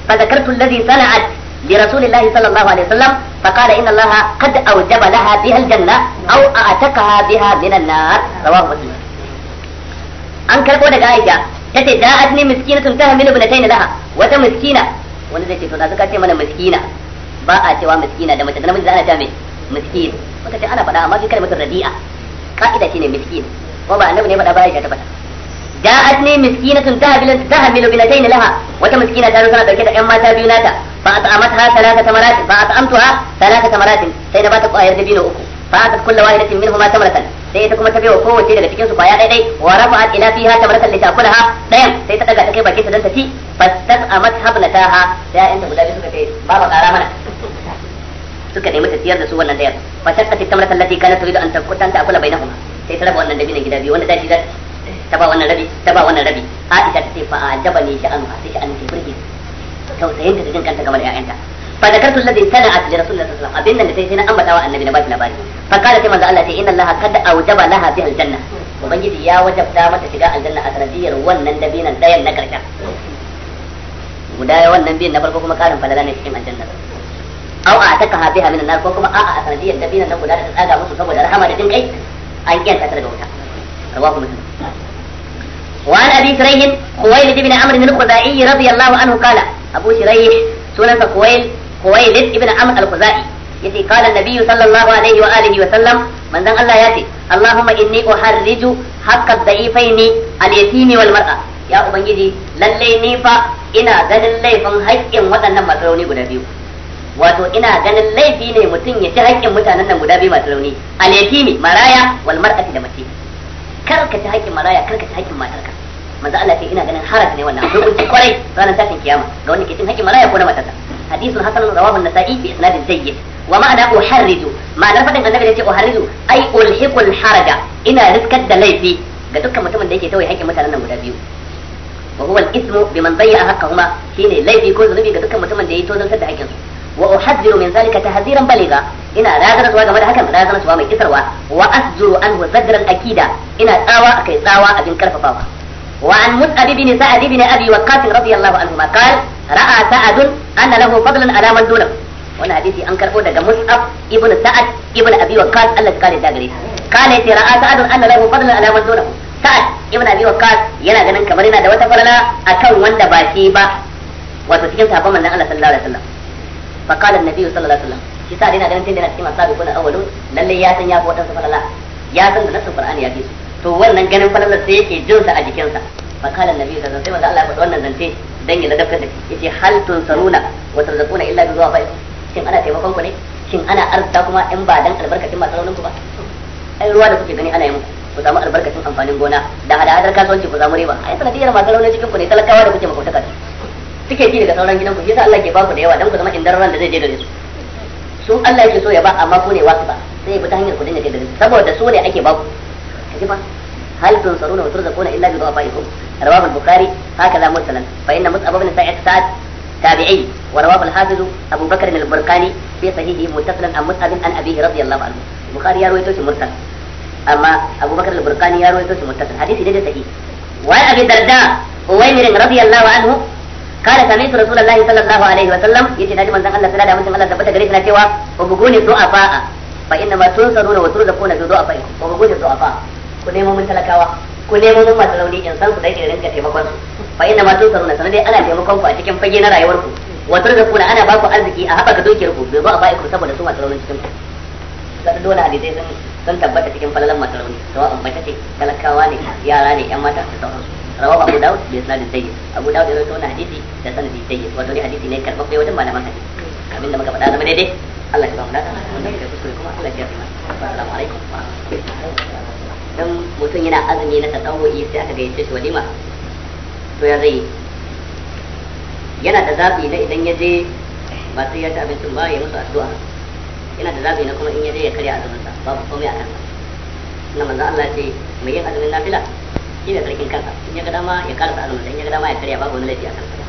فذكرت الذي صنعت برسول الله صلى الله عليه وسلم فقال إن الله قد أوجب لها بها الجنة أو أعتقها بها من النار رواه مسلم an karɓo daga Aisha ta ce ja'at ni miskinatun tahmilu ibnatayn laha wata miskina wani zai ce to suka ce mana miskina ba a cewa miskina da mace da namiji ana cewa me miskin ce ana faɗa amma kai kalmar radi'a ka'ida shine miskin ko ba annabi ne faɗa ba ta dauke da mata biyu nata فأطعمتها ثلاث تمرات فأطعمتها ثلاث تمرات سيدا بات قاير دبينو أكو فأعطت كل واحدة منهما تمرة sai ta kuma ta baiwa kowace daga cikin su kwaya ɗaya ɗai wa rafa'at ila fiha tamratan li ta'kulaha dayan sai ta daga ta kai bakin ta dan ta ci fastas amat hablataha sai ayyan ta guda biyu suka ce baba kara mana suka nemi ta da su wannan dayar fastas tamratan lati kana a an takutan ta'kula bainahuma sai ta raba wannan dabinan gida biyu wanda da ta ba wannan rabi ta ba wannan rabi ta ce tausayin da jin kanta game da ƴaƴanta fa zakartu alladhi sana'at li sallallahu alaihi wasallam abinda sai sai na ambata wa annabi na bashi labari fa kana sai manzo Allah ce inna Allah qad awjaba laha fi aljanna ubangiji ya wajabta mata shiga aljanna a sanadiyar wannan dabinan dayan na karshen guda wannan biyan na farko kuma karin falala ne cikin aljanna aw a taka ha biha min nar ko kuma a'a a sanadiyar dabinan nan guda da tsaga musu saboda rahama da jin kai an kiyanta ta daga wuta rawahu muslim وعن ابي سريج خويلد بن عمرو الخزاعي رضي الله عنه قال abu shiraih sunansa kuwail kuwail ibn amr al ya ce qala an-nabiy sallallahu alaihi wa alihi wa sallam manzon Allah yace Allahumma inni uharriju haqqa ad-da'ifaini al-yatimi ya ubangiji lallai ni fa ina ganin laifin haƙƙin masu rauni guda biyu wato ina ganin laifi ne mutum ya ci haƙƙin mutanen nan guda biyu masu rauni al-yatimi maraya wal mar'ati da mace kar ka ci haƙƙin maraya kar ka ci haƙƙin matarka manzo Allah ce ina ganin haraj ne wannan akwai kunci kwarai ranar tashin kiyama ga wanda ke cin hakkin maraya ko na matarsa hadisun hasanun rawahu an-nasa'i bi isnadin jayyid wa ma'ana uharriju ma'anar fadin annabi da ce uharriju ai ulhiqul haraja ina riskar da laifi ga dukkan mutumin da yake tawaye hakkin mutanen nan guda biyu wa huwa al-ismu biman dayya haqqahuma shine laifi ko zunubi ga dukkan mutumin da yake tozantar da hakkin su وأحذر من ذلك تحذيرا بليغا ina رازنا سوا game da hakan razana suwa mai kisarwa wa asjuru anhu zajran akida ina tsawa akai tsawa abin karfafawa وعن مسعد بن سعد بن ابي وقاص رضي الله عنهما قال راى سعد ان له فضلا على من دونه wani hadisi an karbo daga Mus'ab ibn Sa'ad ibn Abi Waqqas Allah ya kare da gare shi kana yace ra'a Sa'ad anna lahu fadlan ala man dunahu Sa'ad ibn yana ganin kamar yana da wata farala akan wanda ba shi ba wato cikin sahabban manzon Allah sallallahu alaihi wasallam fa qala an-nabi shi Sa'ad yana ganin tunda yana cikin ashabi kuna awwalun lalle ya san ya fi wadansu farala ya san da nasu Qur'ani ya fi su to wannan ganin falalar sai yake jin sa a jikinsa fa kala da zan alaihi wasallam Allah ya faɗi wannan zance dan ya ladabta da yace hal tun saruna wa tarzaquna illa bi zuwa fa'ikum shin ana taimakon ku ne shin ana arda kuma in ba dan albarkacin masu raunin ku ba ai ruwa da kuke gani ana yi muku ku samu albarkacin amfanin gona da hada-hadar kasuwanci ku samu riba ai sanadiyar masu raunin cikin ku ne talakawa da kuke makwataka suke ji daga sauran gidan ku shi yasa Allah ke ba ku da yawa dan ku zama indarar ran da zai je gare su su Allah yake so ya ba amma ku ne wasu ba sai ya bi ta hanyar ku dinga gare su saboda su ne ake ba ku عجبا هل تنصرون وترزقون الا بضعفائكم رواه البخاري هكذا مرسلا فان مصعب بن سعد تابعي ورواه الحافظ ابو بكر البركاني في صحيحه متصلا عن مصعب عن ابيه رضي الله عنه البخاري يروي توشي مرسل اما ابو بكر البركاني يروي توشي مرسل حديث دي صحيح وعن ابي الدرداء اويمر رضي الله عنه قال سمعت رسول الله صلى الله عليه وسلم يجي ناجي من الله صلى الله عليه وسلم ثبت الضعفاء فانما تنصرون وترزقون في ضعفائكم وبغوني الضعفاء ku nemo mun talakawa ku nemo mun masu rauni in san ku dai irin ka taimakon su fa inna ma tun sanuna sanadai ana taimakon ku a cikin fage na rayuwar ku wa kuna ana ba ku arziki a haɓaka dukiyar ku bai zo a ku saboda su masu rauni cikin ku sai dole dai sun sun tabbata cikin falalan masu rauni sawa'un ta ce talakawa ne yara ne yan mata da sauransu rawa abu daud bi sanadin sayyid abu daud ya rawaito hadisi da sanadin sayyid wato ne hadisi ne karɓaɓɓe wajen malaman hadisi kamin da muka faɗa zama daidai Allah ya ba mu dada wanda ya kuskure kuma Allah ya yi mana assalamu alaikum wa rahmatullahi dan mutum yana azumi na tasawuri sai aka gayyace shi walima to ya zai yana da zabi na idan ya je ba sai ya ci abincin ba ya musu addu'a yana da zabi na kuma in ya je ya karya sa babu komai a kansa na manzo Allah ce mai yin azumin nafila shi ne sarkin kansa in ya ga dama ya karasa azumin in ya ga dama ya karya babu wani laifi a kansa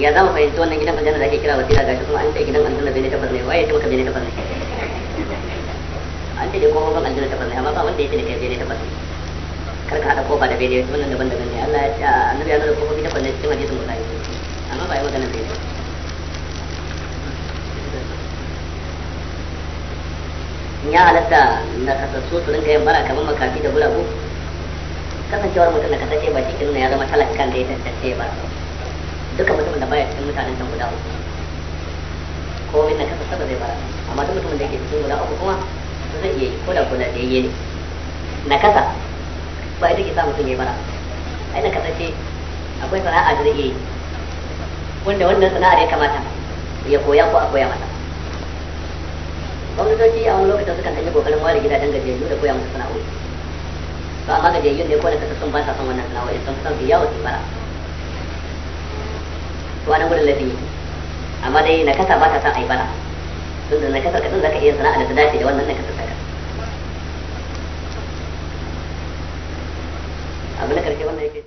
ya zama fahimci wannan gidan aljanna da ake kira wasila gashi kuma an ce gidan aljanna bai ne tabar ne waye ce maka bai ne tabar ne an ce dai ban aljanna tabar ne amma ba wanda ya ce da kai bai ne tabar ne kar ka hada kofa da bai ne wannan daban daban ne Allah ya ce annabi ya nuna kofofi tabar ne cikin hadisin bukhari amma ba yi magana bai ne ya halatta na kasassu su rinka yin bara kamar makafi da guragu kasancewar mutum da kasashe ba shi nuna ya zama talakkan da ya tattace ba dukkan mutumin da baya cikin mutanen can guda uku ko min na kasa saba zai fara amma duk mutumin da yake cikin guda uku kuma to zai iya yi ko da kula da yayye ne na kasa ba ita ke sa mutum ya bara ai na kasa ce akwai sana'a da zai iya yi wanda wannan sana'ar ya kamata ya koya ko a koya mata gwamnatoci a wani lokacin sukan yi kokarin ware gidajen gajiyayyu da koya musu sana'o'i to amma gajiyayyun ne ko da kasa sun ba sa son wannan sana'o'i sun san su yawo su bara wani wurin gurin ladabi amma dai kasa ba ka san ai kasar kasar za ka zaka iya sana'a da ta dace da wannan kasar ka abu na karshe wannan yake